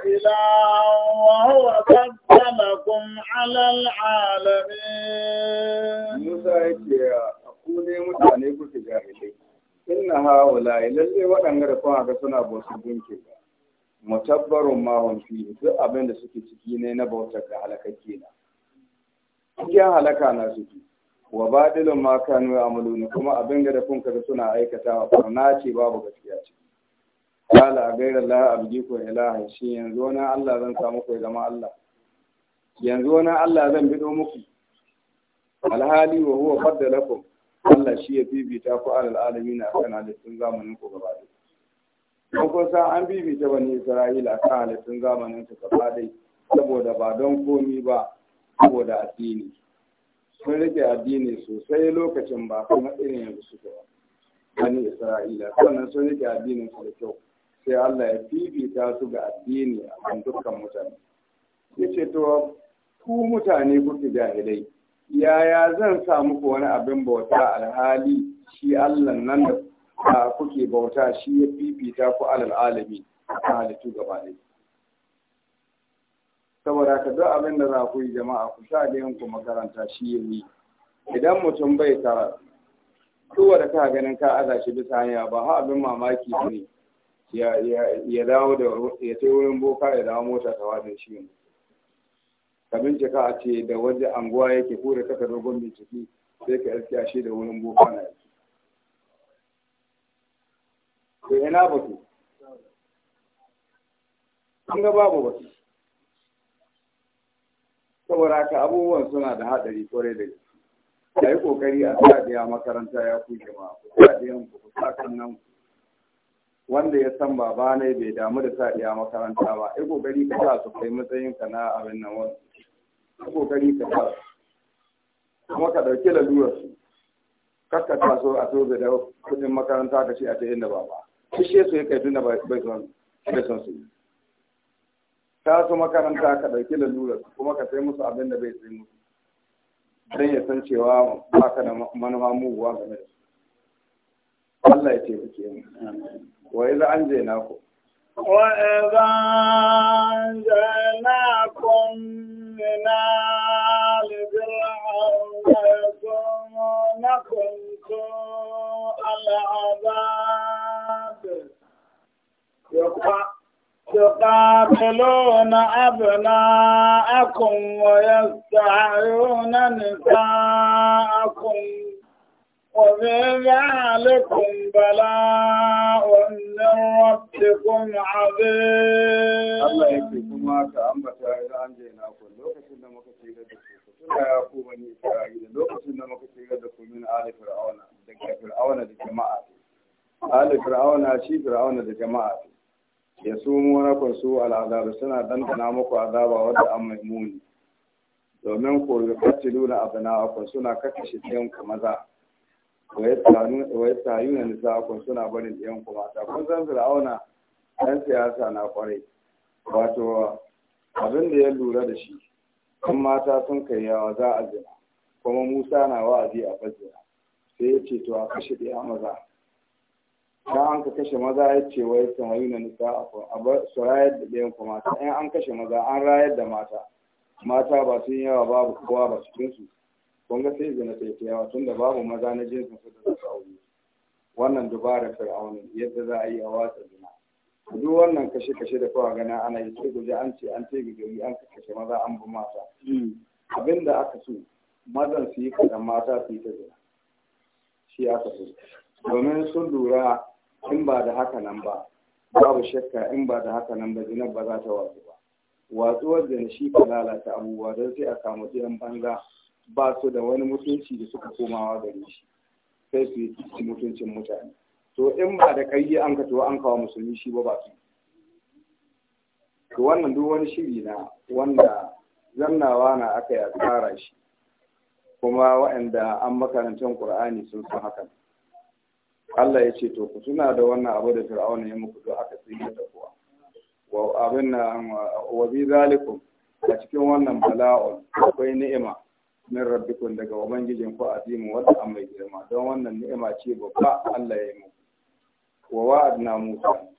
إلها وهو فضلكم على العالمين موسى يا أقولي متعني كنت جاهلي إن هؤلاء للي وأن رفعك سنة بوسبين كذا mutabbarun mahon fi duk abin da suke ciki ne na bautar da halakakke na. Cikin halaka na suke. wa badilun ma kanu ya'maluna kuma abin da kun kaga suna aikatawa na ce babu gaskiya ce qala ghayra la ko ilaha shi yanzu wani Allah zan samu ku zama Allah yanzu wani Allah zan bido muku alhali wa huwa faddalakum Allah shi ya bibita ku alal alamin kan halittun zamanin ku gaba da don kun san an bibita bani Isra'ila kan halittun zamanin ku gaba da saboda ba don komi ba saboda addini sun rike addini sosai lokacin ba kuma irin yanzu suke ba bani isra'ila sannan sun rike addinin su da kyau sai Allah ya fifita su ga addini a kan dukkan mutane ya ce to ku mutane kuke jahilai yaya zan sa muku wani abin bauta alhali shi Allah nan da kuke bauta shi ya fifita ku alal alami a halittu gaba ɗaya saboda ka duk abin da za ku yi jama'a ku sa da ku makaranta shi ya yi idan mutum bai tara kowa da ka ganin ka aza shi bisa hanya ba ha abin mamaki ne ya dawo da ya tai wurin boka ya dawo mota ta wadin shi ka bincika a ce da wajen anguwa yake ko da kaka dogon ciki sai ka yarki a shi da wurin boka na yake to ina ku an ga babu ku saboda haka abubuwan suna da haɗari kwarai da gaske a yi ƙoƙari a sa makaranta ya ku jama'a ku sa ɗiyan ku ku nan wanda ya san baba ne bai damu da sa makaranta ba yi ƙoƙari ka sa su kai matsayin ka na abin nan wani ƙoƙari ka sa kuma ka ɗauki lalurar su kakka ta so a tobe da kuɗin makaranta ka ce a ta inda shi shi su ya kai tunda bai son su yi ta su makaranta ka ɗauki lalurar kuma ka sai musu abin da bai sai musu don ya san cewa ba ka da manuwa muguwa game da su Allah ya ce su ke wa yi an je na ku wa yi za'an zai na ku ya libir na kuntu al'adab ya تقاتلون أبناءكم ويستعيون نساءكم وفي ذلكم بلاء من ربكم عظيم الله يكفيكم ما كأنبت إلى أن جئناكم لوكسن مكتير دكتور يا أخو بني إسرائيل لوكسن مكتير دكتور من آل فرعون دكتور فرعون دجماعة آل فرعون شي فرعون دجماعة ya su na ku su al'azab suna dandana muku azaba wadda an mai muni domin ku yukaci nuna abana ku suna shi ɗayan ku maza wai ya tayu na nisa ku suna bari ɗayan ku mata kun san fir'auna ɗan siyasa na kwarai wato abin da ya lura da shi kan mata sun kai yawa za a zina kuma musa na wa'azi a bazira sai ya ce to a kashe ɗaya maza da an ka kashe maza ya ce wai ta hayu na nisa a bar su rayar da ɗayan ku mata in an kashe maza an rayar da mata mata ba sun yawa babu kowa ba cikin su kun ga sai zina ta yi yawa tunda babu maza na jinsin su da za su aure wannan dubara fir'auni yadda za a yi a watsa zina duk wannan kashe-kashe da kowa gana ana yi sai guje an ce an tege gari an kashe maza an bi mata abin da aka so mazan su yi kaɗan mata su yi ta zina shi aka so domin sun lura in ba da haka nan ba babu shakka in ba da haka nan ba zinar ba za ta watsu ba watsuwar na shi ka lalata abubuwa don sai a samu jiran banza ba su da wani mutunci da suka komawa gare shi sai su yi mutuncin mutane to in ba da ƙarfi an ka an kawo musulmi shi ba ba su to wannan duk wani shiri na wanda zannawa na aka ya tsara shi kuma waɗanda an makarantar ƙur'ani sun san hakan Allah ya ce to ku suna da wannan abu da fir'auna ya muku to aka sai ya da kuwa wa abin na wa bi zalikum a cikin wannan bala'un akwai ni'ima min rabbikum daga ubangijin ku azimu wanda an mai girma don wannan ni'ima ce babba Allah ya yi muku wa wa'adna Musa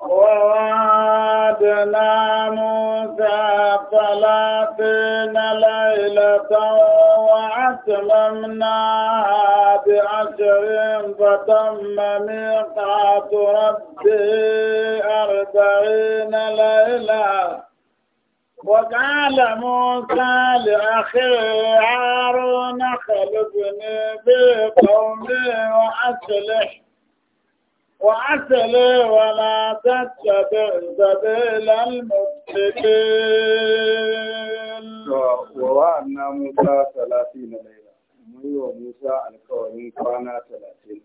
ووعدنا موسى ثلاثين ليلة وأتممناها بعشر فتم ميقات ربي أربعين ليلة وقال موسى لأخيه هارون خلقني بقومي وأصلح وعسلي ولا تتبع سبيل المفسدين ووعدنا موسى ثلاثين ليلة مي وموسى الكون كان ثلاثين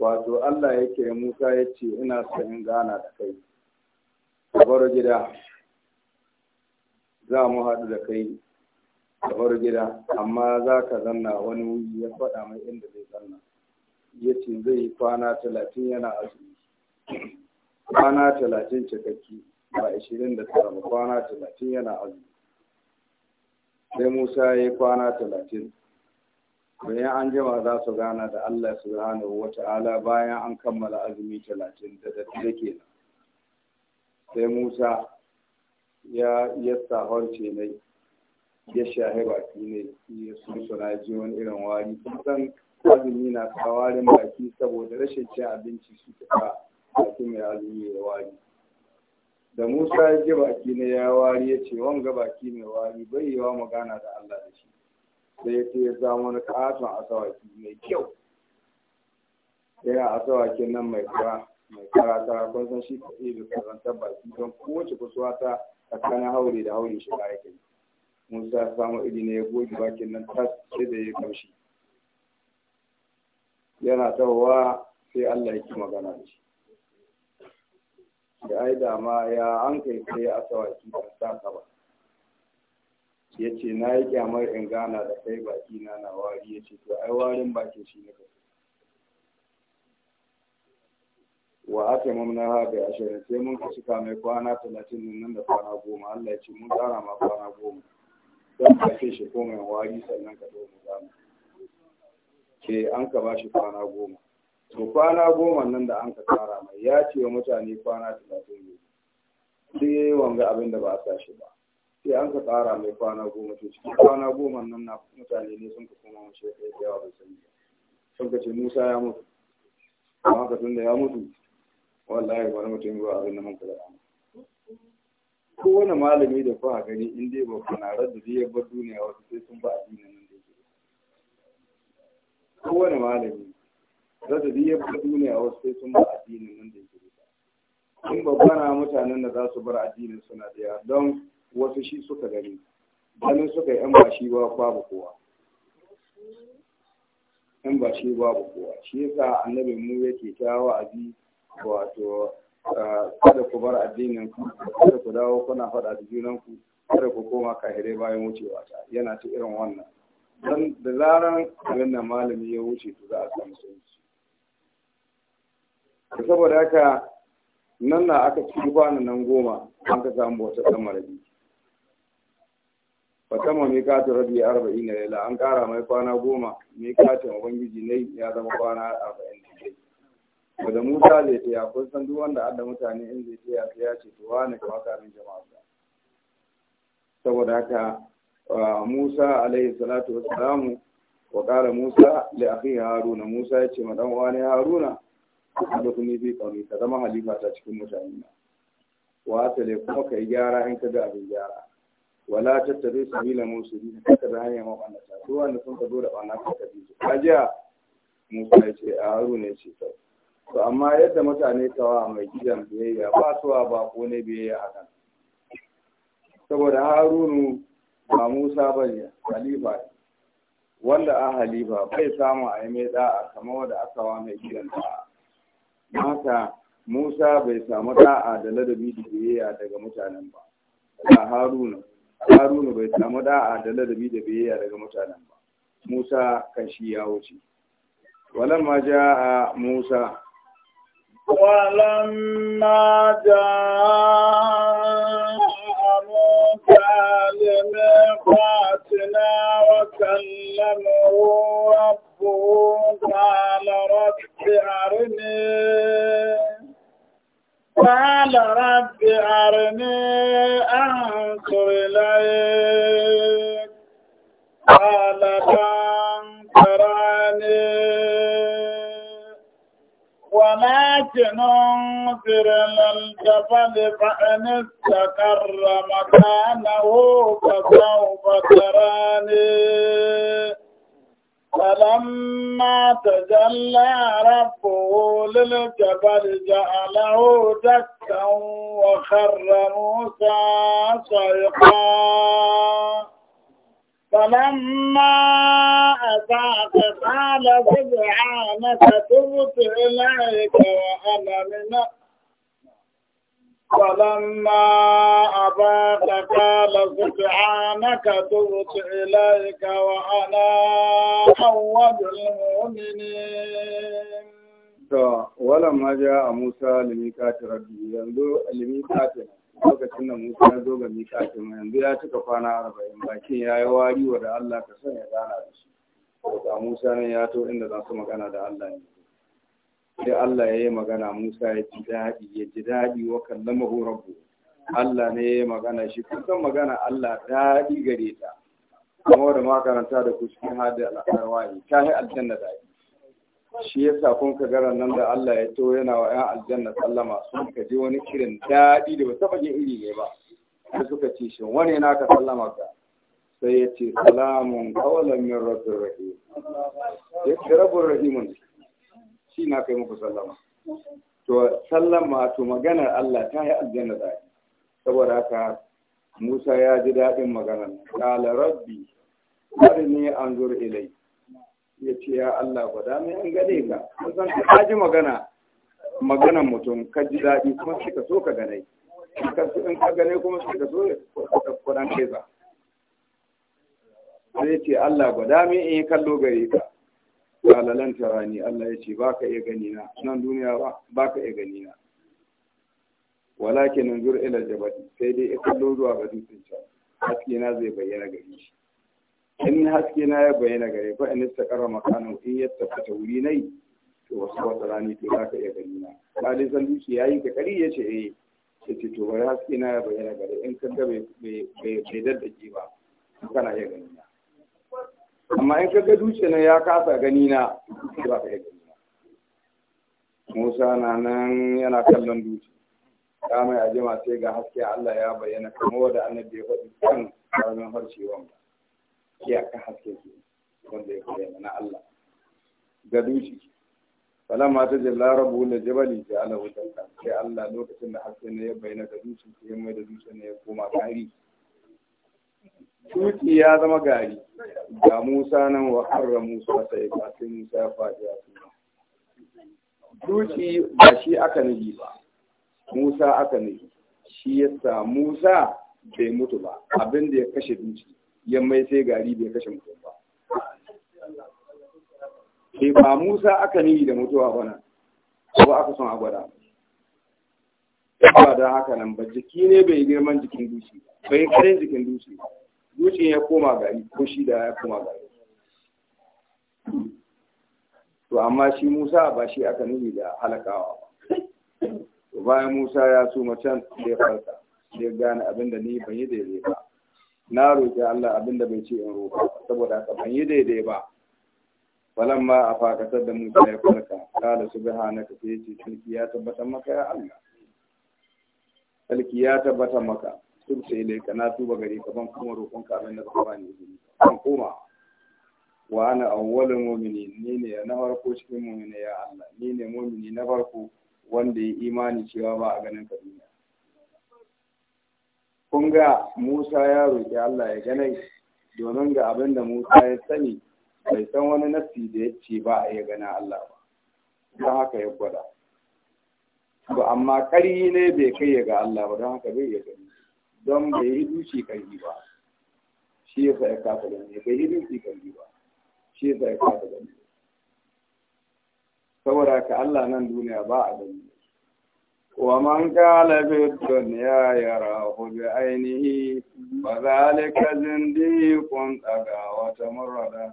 wato Allah yake Musa ya ce ina son in gana da kai bar gida za mu haɗu da kai ka bar gida amma za ka zanna wani wuri ya faɗa mai inda zai zanna ya ce zai yi kwana talatin yana azumi kwana talatin cikakki ba ashirin da tara kwana talatin yana azumi sai musa ya yi kwana talatin bayan an jima za su gana da allah subhanahu wa ta'ala bayan an kammala azumi talatin da da kenan sai musa ya yi horce ne ya shahi baki ne ya sun suna ji wani irin wari kusan azumi na tsawarin baki saboda rashin cin abinci su ta baki mai azumi ya wari da musa ya ji baki na ya wari ya ce wanga baki mai wari bai yi wa magana da allah da shi sai ya ce ya samu wani katon asawaki mai kyau yana asawakin nan mai kara mai kara kara kun san shi kaɗai da karantar baki don kowace kusurwa ta tsakanin haure da haure shiga yake musa ya samu iri na ya goge bakin nan tas sai da ya kamshi yana tahowa sai Allah ya ki magana da shi da ai dama ya an kai sai a tawaki ban sa ka ba ya ce na yi kyamar in gana da kai baki na na wari ya ce to ai warin baki shi ne kai wa aka mamna ha bai ashirin sai mun ka cika mai kwana talatin nan da kwana goma Allah ya ce mun tsara ma kwana goma don ka ce shi ko mai wari sannan ka zo mu zamu ke an ka bashi kwana goma to kwana goma nan da an ka tsara mai ya ce wa mutane kwana talatin ne sai ya yi wanga abin da ba a sa shi ba sai an ka tsara mai kwana goma to cikin kwana goma nan na mutane ne sun ka koma mace ya kai yawa bai sani sun ka ce musa ya mutu amma ka tunda da ya mutu wallahi wani mutum ba abin da mun kula da kowane malami da kuma gani in dai ba kuna radda zai bar duniya wasu sai sun ba addinin kowane malami zata ya fi duniya wasu sai sun ba addinin nan da yake da in na mutanen da za su bar addinin suna da yawa don wasu shi suka gani ganin suka yi yan ba shi ba babu kowa yan ba shi babu kowa shi yasa annabi mu yake a wa'azi wato kada ku bar addinin ku kada ku dawo kuna faɗa da junan ku kada ku koma kahirai bayan wucewa ta yana ta irin wannan don da zaran abin nan malami ya wuce su za a samu sauki saboda haka nan na aka ci kwana nan goma an ka samu wata ɗan marabi fatama mai katin rabi arba'in da laila an ƙara mai kwana goma mai katin ubangiji ne ya zama kwana arba'in da laila daga musa zai taya kun san duk wanda adda mutane in zai ta sai ya ce to wani kama kamin jama'a saboda haka Musa alaihi salatu wassalamu wa qala Musa li akhi Haruna Musa ya ce ma dan uwa Haruna da kuni bi kawai ta zama halifa ta cikin mutane na wa ne kuma kai gyara in ka ga abin gyara wala tattabi sabila musuli ka da hanya ma wannan ta duk wanda sun ka zo da wannan ka bi su kajiya Musa ya ce Haruna ya ce to amma yadda mutane kawa mai gidan biyayya ba suwa ba ko ne biyayya hakan saboda Harunu ba Musa ba ne halifa wanda a halifa bai samu a yi mai da'a kamar wanda aka wa mai kiran da'a haka Musa bai samu da'a da ladabi da biyayya daga mutanen ba da Haruna Haruna bai samu da'a da ladabi da biyayya daga mutanen ba Musa kan shi ya wuce walan walamma ja'a Musa walan ma ja'a موسى لميقاتنا وكلمه ربه قال رب أرني قال رب أرني أنظر إليك قال لن ترى ممكن للجبل فان استقر مكانه فسوف تراني فلما تجلى ربه للجبل جعله دكا وخر موسى صيحا فلما أتاك قال سبحانك تبت إليك وأنا من فلما أباك قال سبحانك تبت إليك وأنا أول المؤمنين ولما جاء موسى لميقات ربه ينظر لميقاتنا lokacin da Musa ya zo ga mai yanzu ya cika kwana arba'in bakin ya yi wari wa da Allah ka son ya gana da shi ga Musa ne ya to inda za su magana da Allah ne sai Allah ya yi magana Musa ya ji daɗi ya ji daɗi wa kallamahu rabbu Allah ne ya yi magana shi kusan magana Allah daɗi gare ta kuma da makaranta da ku cikin al'adar al'arwa'i ta yi aljanna daɗi shi sa kun ka garan nan da Allah ya to yana wa 'yan aljanna sallama sun ka ji wani kirin daɗi da ba taɓa jin iri ne ba sai suka ce shi wani na ka sallama ka sai ya ce salamun kawalan min rabbir rahim ya ce rabbir rahimun shi na kai muku sallama to sallama to maganar Allah ta yi aljanna daɗi saboda haka Musa ya ji daɗin maganar Kala rabbi an anzur ilai. ya ce ya Allah gwada mai an gane ka kusan ka ji magana maganan mutum ka ji daɗi kuma shi ka so ka gane ka so ka gane kuma shi ka so ka kuɗan keza sai ya ce Allah gwada mai in yi kallo gare ka lalanta rani Allah ya ce ba ka iya gani na nan duniya ba ba ka iya gani na walakin nanzur ila jabati sai dai ya kallo zuwa ga dutsen can haske na zai bayyana gari shi in haske na ya bayyana gare ba in ta karra makano in ya tabbata wuri nai to wasu wata rani to za ka iya gani na kalin zanduci ya yi kakari ya ce eh ya ce to bari haske na ya bayyana gare in ka ga bai daddake ba kana iya gani na amma in ka ga duce na ya kasa gani na ba ka iya gani na musa na nan yana kallon duce ya mai ajima sai ga haske Allah ya bayyana kamar wanda annabi ya faɗi kan karamin harcewan ba iyaka haske su wanda ya koya na Allah ga dushi falamma ta jalla rabu da jabali ta ala wajen sai Allah lokacin da haske ne ya bayyana ga dushi sai mai da dushi ne ya koma gari tuki ya zama gari ga Musa nan wa harra Musa sai ba sai Musa ya faɗi a kuma tuki ba shi aka nufi ba Musa aka nufi shi yasa Musa bai mutu ba abin da ya kashe duki yammai sai gari bai kashe mutum ba sai ba musa aka nuni da mutuwa nan, ba aka son agwada. ba da haka nan ba jiki ne bai girman jikin dushi bai karin jikin dushi Dushi ya koma gari ko shi da ya koma gari to amma shi musa ba shi aka nuni da halakawa ba bayan musa ya so macen da ya farka ya gane abin da ni ban yi daidai ba na roƙi Allah abinda bai ce in roƙa saboda haka ban yi daidai ba ma a fakatar da musa ya farka kala ka sai ce sulki ya tabbatar maka ya Allah sulki ya tabbatar maka tubta ka na tuba gari ka ban kuma roƙon ka da ka bani izini ban koma wa ana awwalul mu'minin ni ne na farko cikin mu'mini ya Allah ni ne mu'mini na farko wanda ya imani cewa ba a ganin ka duniya kun ga Musa ya roƙi Allah ya ganai domin ga abin da Musa ya sani bai san wani nafi da ya ce ba a iya gana Allah ba don haka ya gwada ba amma ƙari ne bai kai ya ga Allah ba don haka bai iya gani don bai yi duci ƙari ba shi ya sa ya kafa gani bai yi duci ƙari ba shi ya sa ya kafa gani saboda ka Allah nan duniya ba a gani ومن قال في الدنيا يراه بعينه فذلك زنديق أقاوة وتمرد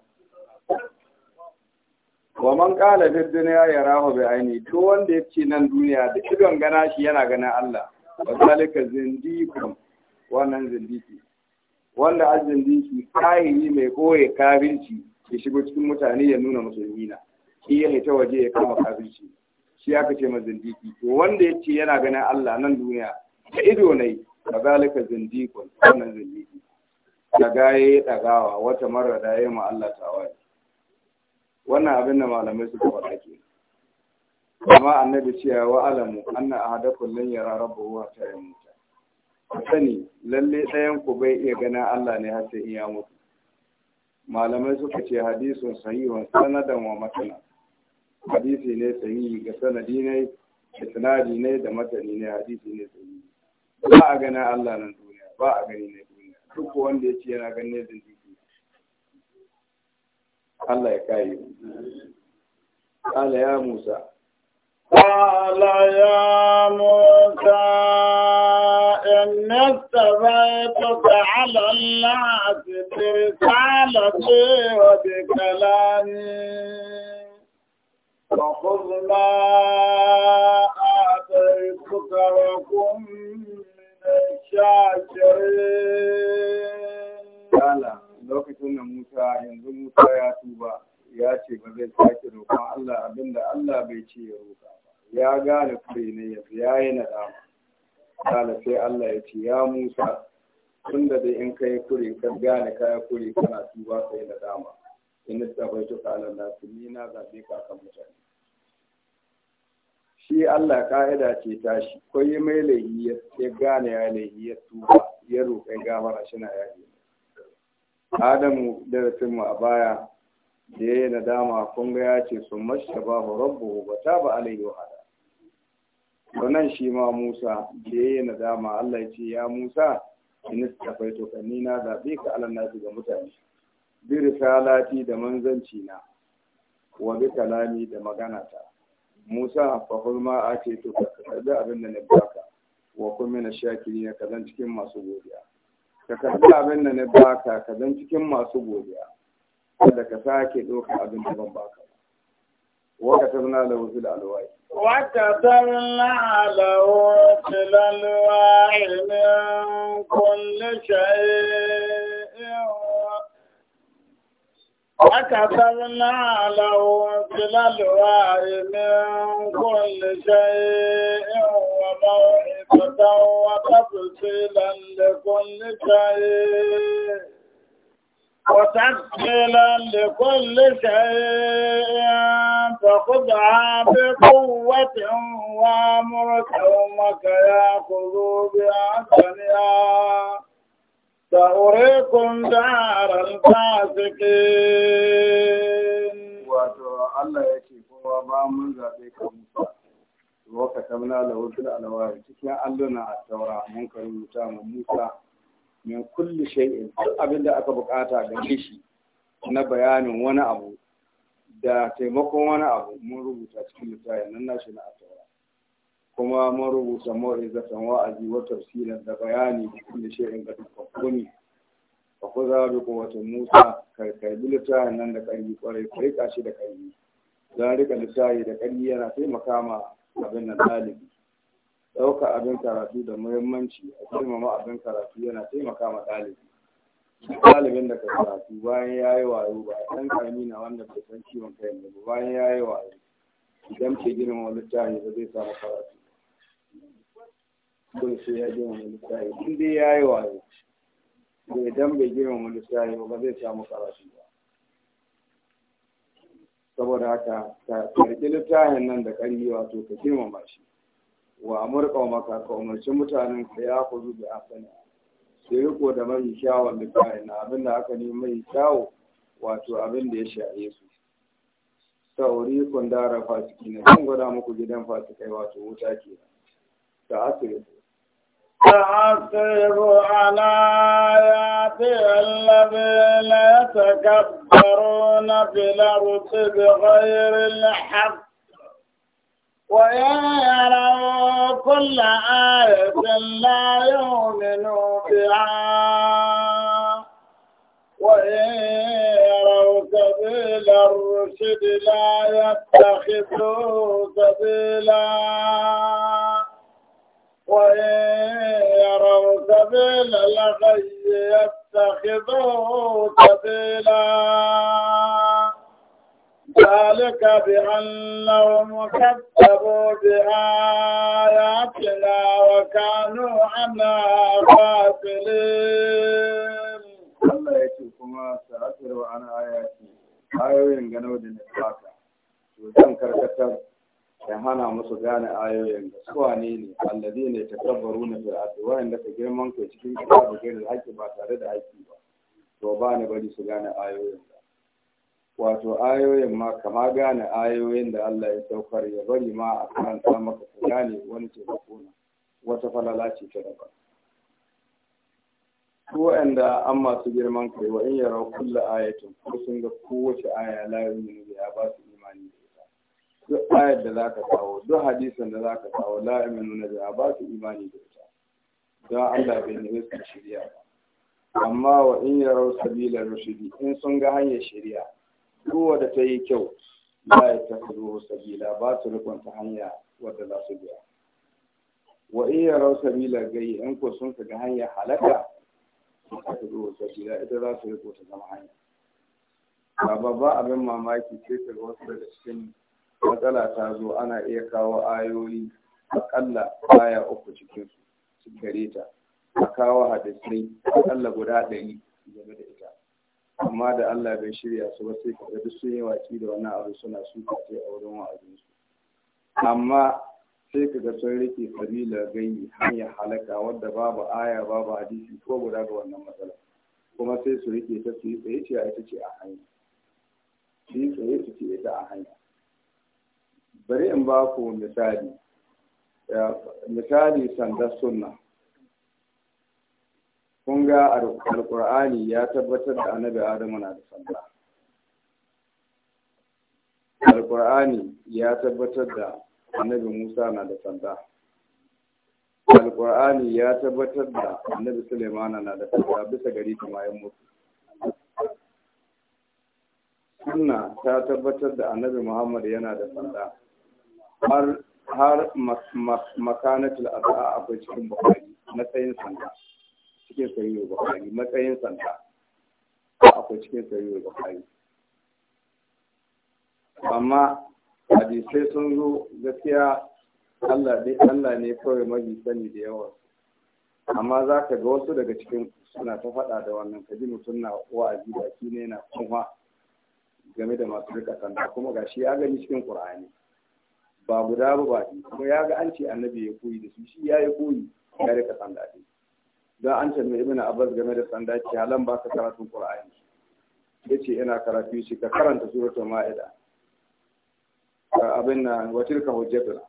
ومن قال في الدنيا يراه بعينه تو wanda yace nan duniya da idon gana shi yana ganin Allah wazalika zindiqun wannan zindiki wanda azindiki kahiri mai koye kafirci ya shigo cikin mutane ya nuna musulmi na shi ya ta waje ya kama kafirci shi aka ce ma zindiki to wanda ya ce yana ganin Allah nan duniya da ido ne ka zalika zindikun wannan zindiki da gaye dagawa wata mara da ya ma Allah tawaye wannan abin da malamai suka faɗa ke amma annabi cewa wa alamu anna ahadakum lan yara rabbahu hatta yamuta sani lalle ɗayan ku bai iya ganin Allah ne har sai in ya mutu malamai suka ce hadisun sahihun sanadan wa matanan hadisi ne sahihi ga sanadi ne da sanadi ne da matani ne hadisi ne sahihi ba a ganin Allah nan duniya ba a gani ne duniya duk wanda ya ce yana ganin da jiki Allah ya kai قال يا موسى قال يا موسى إن استبيتك على الناس برسالتي وبكلامي وخذ ما آتيتك وكن من الشاكرين lokacin da Musa yanzu Musa ya tuba ya ce ba zai sake roƙon Allah abinda Allah bai ce ya roƙa ba ya gane kure ne yanzu ya yi nadama kala sai Allah ya ce ya Musa tun da dai in kai kure ka gane kaya kure kana tuba kai nadama in da bai tuka Allah na ni na zabe ka kan mutane shi Allah ka'ida ce tashi ko yi mai laihi ya gane ya laihi ya tuba ya roƙa gafara shi na yaƙi Adamu darasin mu a baya da ya yi nadama kun ga ya ce sun mashaba rabu ba ta ba alaihi wa hada shi ma Musa da ya yi nadama Allah ya ce ya Musa in ta faito kanni na zaɓe ka alan nasu ga mutane bi risalati da manzanci na wa bi kalami da magana ta Musa fa hulma a ce to ka karbi abin da na baka wa kuma na shaki ne ka zan cikin masu godiya ka karbi abin da na baka ka zan cikin masu godiya kada ka sake doka abin da ban baka alwai. Waka ta الألواح da wasu da alwai من كل شيء akatarina ala wa silaluwa ne kulle sai wa ba ko ta wa ta su silan da kulle sai ko ta silan da kulle sai ta ku da be ku wa ta a ta ne سأريكم دار الفاسقين wato Allah ya ce kowa ba mun zaɓe ka Musa waka tamna da wasu alawari cikin alluna a taura mun ka rubuta mu Musa min kulli shay'in duk abin da aka bukata ga shi na bayanin wani abu da taimakon wani abu mun rubuta cikin littafin nan nashi na taura kuma mun rubuta mau'izatan wa'azi wa tafsirin da bayani da shirin ga dukkan za kuza bi kuwatin Musa karkar bilita nan da ƙarfi kwarai ka rika shi da ƙarfi don rika littafi da ƙarfi yana taimaka ma abin nan ɗalibi ɗauka abin karatu da muhimmanci a girmama abin karatu yana taimaka ma ɗalibi ɗalibin da ka karatu bayan ya yi wayo ba a san ƙarni na wanda bai san ciwon kai ne ba bayan ya yi wayo idan ke girmama littafi ba zai samu karatu don sai ya wani lissafi in dai ya yi wayo da idan bai wani lissafi ba zai samu karatu ba saboda haka ka karki littafin nan da ƙarfi wato ka girmama shi wa amurka maka ka umarci mutanen ka ya kuzu da asani su riko da mai kyawun littafin na abin da aka nemi mai kyawu wato abin da ya shaye su sauri kun dara fasiki ne zan gwada muku gidan fasikai wato wuta ke ta asiri تعصير على آيات الذين يتكبرون في الأرض بغير الحق وإن يروا كل آية لا يؤمنوا بها وإن يروا سبيل الرشد لا يتخذوا سبيلا وإن يروا سبيل الغي يتخذوه سبيلا ذلك بأنهم كذبوا بآياتنا وكانوا عنها غافلين الله ya ce kuma sa'atar wa ana ayati ayoyin ganau da ya hana musu gane ayoyin da suwa ne ne allazi ne ta tabbaru na fir'adu wa'anda ka girman kai cikin ke da gairar haƙƙi ba tare da haƙƙi ba to ba ni bari su gane ayoyin da wato ayoyin ma kama gane ayoyin da Allah ya saukar ya bari ma a karanta maka ka gane wani ce na wata falala ce ta Ko wa'anda an masu girman kai wa in yara kulla ayatin ko ga kowace aya la yu'minu ya ba su duk ayar da za ka kawo duk hadisin da za ka kawo la nuna na biya ba su imani da ita don Allah bai nufi su shirya ba amma wa in ya rau sabilar rushidi in sun ga hanyar shirya kowa da ta yi kyau ba ya ta su sabila ba su rikonta hanya wadda za su biya wa in ya rau sabilar gayi in ko sun ga hanyar halaka ta su sabila ita za su rikota zama hanya ba abin mamaki ce ta wasu daga cikin matsala ta zo ana iya kawo ayoyi akalla baya uku cikin su gare ta a kawo hadisai akalla guda ɗari game da ita amma da Allah bai shirya su ba sai kaga duk sun yi waƙi da wannan abu suna suka a wurin wa'azinsu amma sai kaga sun rike sabila gayi hanya halaka wadda babu aya babu hadisi ko guda ga wannan matsala kuma sai su rike ta su yi tsaye ce a ita ce a hanya su yi tsaye su ce ita a hanya bari in ba ku misali misali sandar suna kun ga alƙur'ani ya tabbatar da annabi adamu na da sanda alƙur'ani ya tabbatar da annabi musa na da sanda alƙur'ani ya tabbatar da annabi suleimana na da sanda bisa gari kamayen mutu sunna ta tabbatar da annabi muhammad yana da sanda har har makanatul adha akwai cikin na matsayin sanda cikin sahihul bukhari matsayin sanda akwai cikin sahihul bukari amma hadisai sun zo gaskiya Allah dai Allah ne kawai mafi sani da yawa amma za ka ga wasu daga cikin suna ta faɗa da wannan kaji mutum na wa'azi baki ne na kuma game da masu rika sanda kuma shi ya gani cikin ƙur'ani. ba guda ba ba kuma ya ga an ce annabi ya koyi da su shi ya yi koyi ya rika sanda ɗin Za an ce mai ibina abbas game da sanda ce halan ba ka karatun ƙura'ani ya ce yana karatu shi ka karanta suratul ma'ida abin na watil ka hujjatul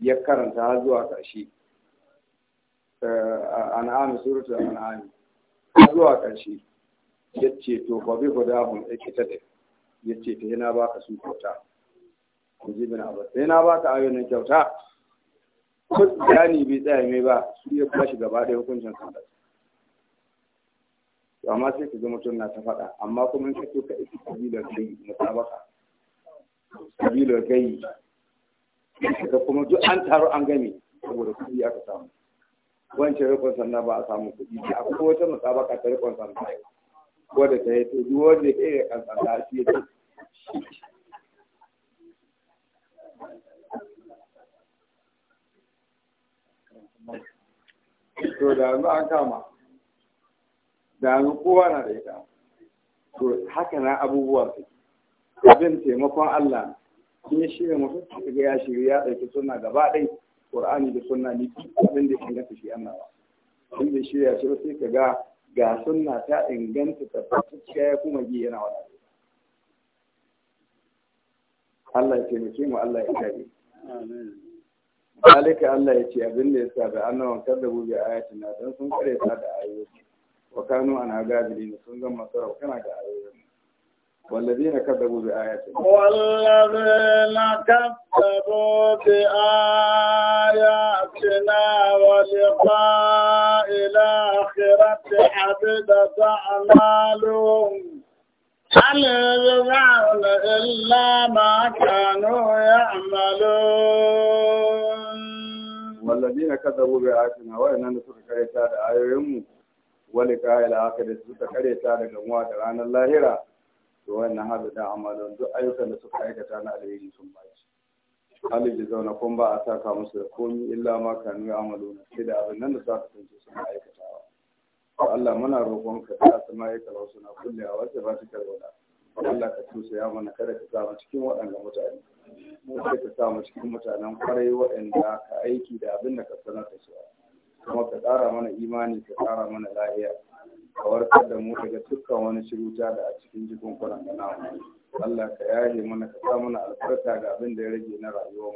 ya karanta har zuwa ƙarshe an'am suratul an'am har zuwa ƙarshe ya ce to ba bi ɗauke ta da ya ce ta yana ba ka sun kyauta ji bin abbas sai na ta ayyunan kyauta ko bayani bai tsaya mai ba su yi kuma shi gaba ɗaya hukuncin sanda to amma sai ka ga mutum na ta faɗa amma kuma in ka so ka isi kabilar gai musabaka kabilar gai ka kuma duk an taro an gami saboda kuɗi aka samu wancan rikon sanda ba a samu kuɗi a ko wata musabaka ta rikon sanda da ta yi to duk wanda ya kai kan sanda shi ya ce to da yanzu an kama da yanzu kowa na da ita to haka na abubuwa su abin taimakon Allah in ya shirya mutum ga ya shirya ya ɗauki suna gaba ɗai Qur'ani da suna ni abin da inganta shi Allah ba shirya shi sai ka ga ga sunna ta inganta tabbatacciya ya kuma gi yana wada zalika Allah ya ce abin da ya sa da annawan kada bi ayatin na dan sun kare ta da ayoyi wa kanu ana gabilin sun zama sarau kana ga ayoyi والذين كذبوا بآياتنا والذين كذبوا بآياتنا ولقاء الآخرة ta أعمالهم هل يجزعون إلا ما كانوا يعملون wallazina kadzabu bi ayatina wa da suka kareta da ayoyinmu wani kayal haka da suka kareta da gamuwa da ranar lahira to wannan haɗu da amalan duk ayyukan da suka aikata na alheri sun baci hali da zauna kun ba a saka musu da komi illa ma kanu ya amalo sai da abin nan da za ka tunce suna aikatawa to Allah muna roƙonka da asma'ika ka suna kulle a wacce ba ta karwada Allah ka ya mana kada ka samu cikin waɗanda mutane mu ka samu cikin mutanen kwarai waɗanda ka aiki da abin da ka sanar da su kuma ka tsara mana imani ka tsara mana lahiya ka warkar da mu daga dukkan wani shiruta da a cikin jikin kwanan da namu Allah ka yaye mana ka sa mana albarka ga abin da ya rage na rayuwar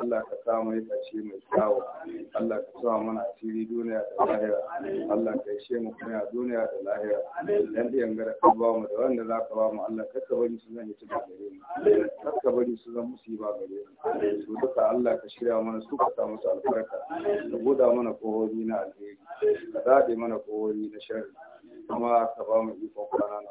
Allah ka sa mu yi kace mai kyawu Allah ka sa mana asiri duniya da lahira Allah ka yashe mu kuma duniya da lahira dan da yangara ka ba mu da wanda za ka ba mu Allah ka ka bari su zan yi tuka gare mu ka ka bari su zan musiba gare mu to duka Allah ka shirya mana su ka sa musu albarka ka goda mana kohori na alheri ka dade mana kohori na sharri kuma ka ba mu ikon kwana na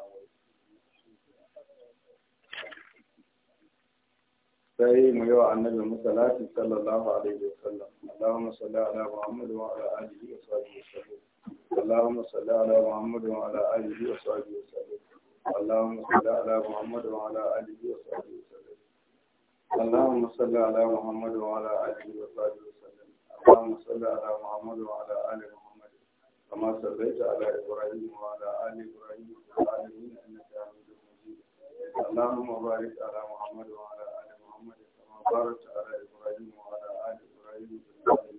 sai mu yi wa annabi musalati sallallahu alaihi wa sallam Allahumma salli ala Muhammad wa ala alihi wa sahbihi wasallam Allahumma salli ala Muhammad wa ala alihi wa sahbihi wasallam Allahumma salli ala Muhammad wa ala alihi wa sahbihi wasallam Allahumma salli ala Muhammad wa ala alihi wa sahbihi wasallam Allahumma salli ala Muhammad wa ala ali Muhammad kama sallaita ala Ibrahim wa ala ali Ibrahim fil alamin innaka Hamidum Majid Allahumma barik ala Muhammad wa وبارك على إبراهيم وعلى آل إبراهيم في العالمين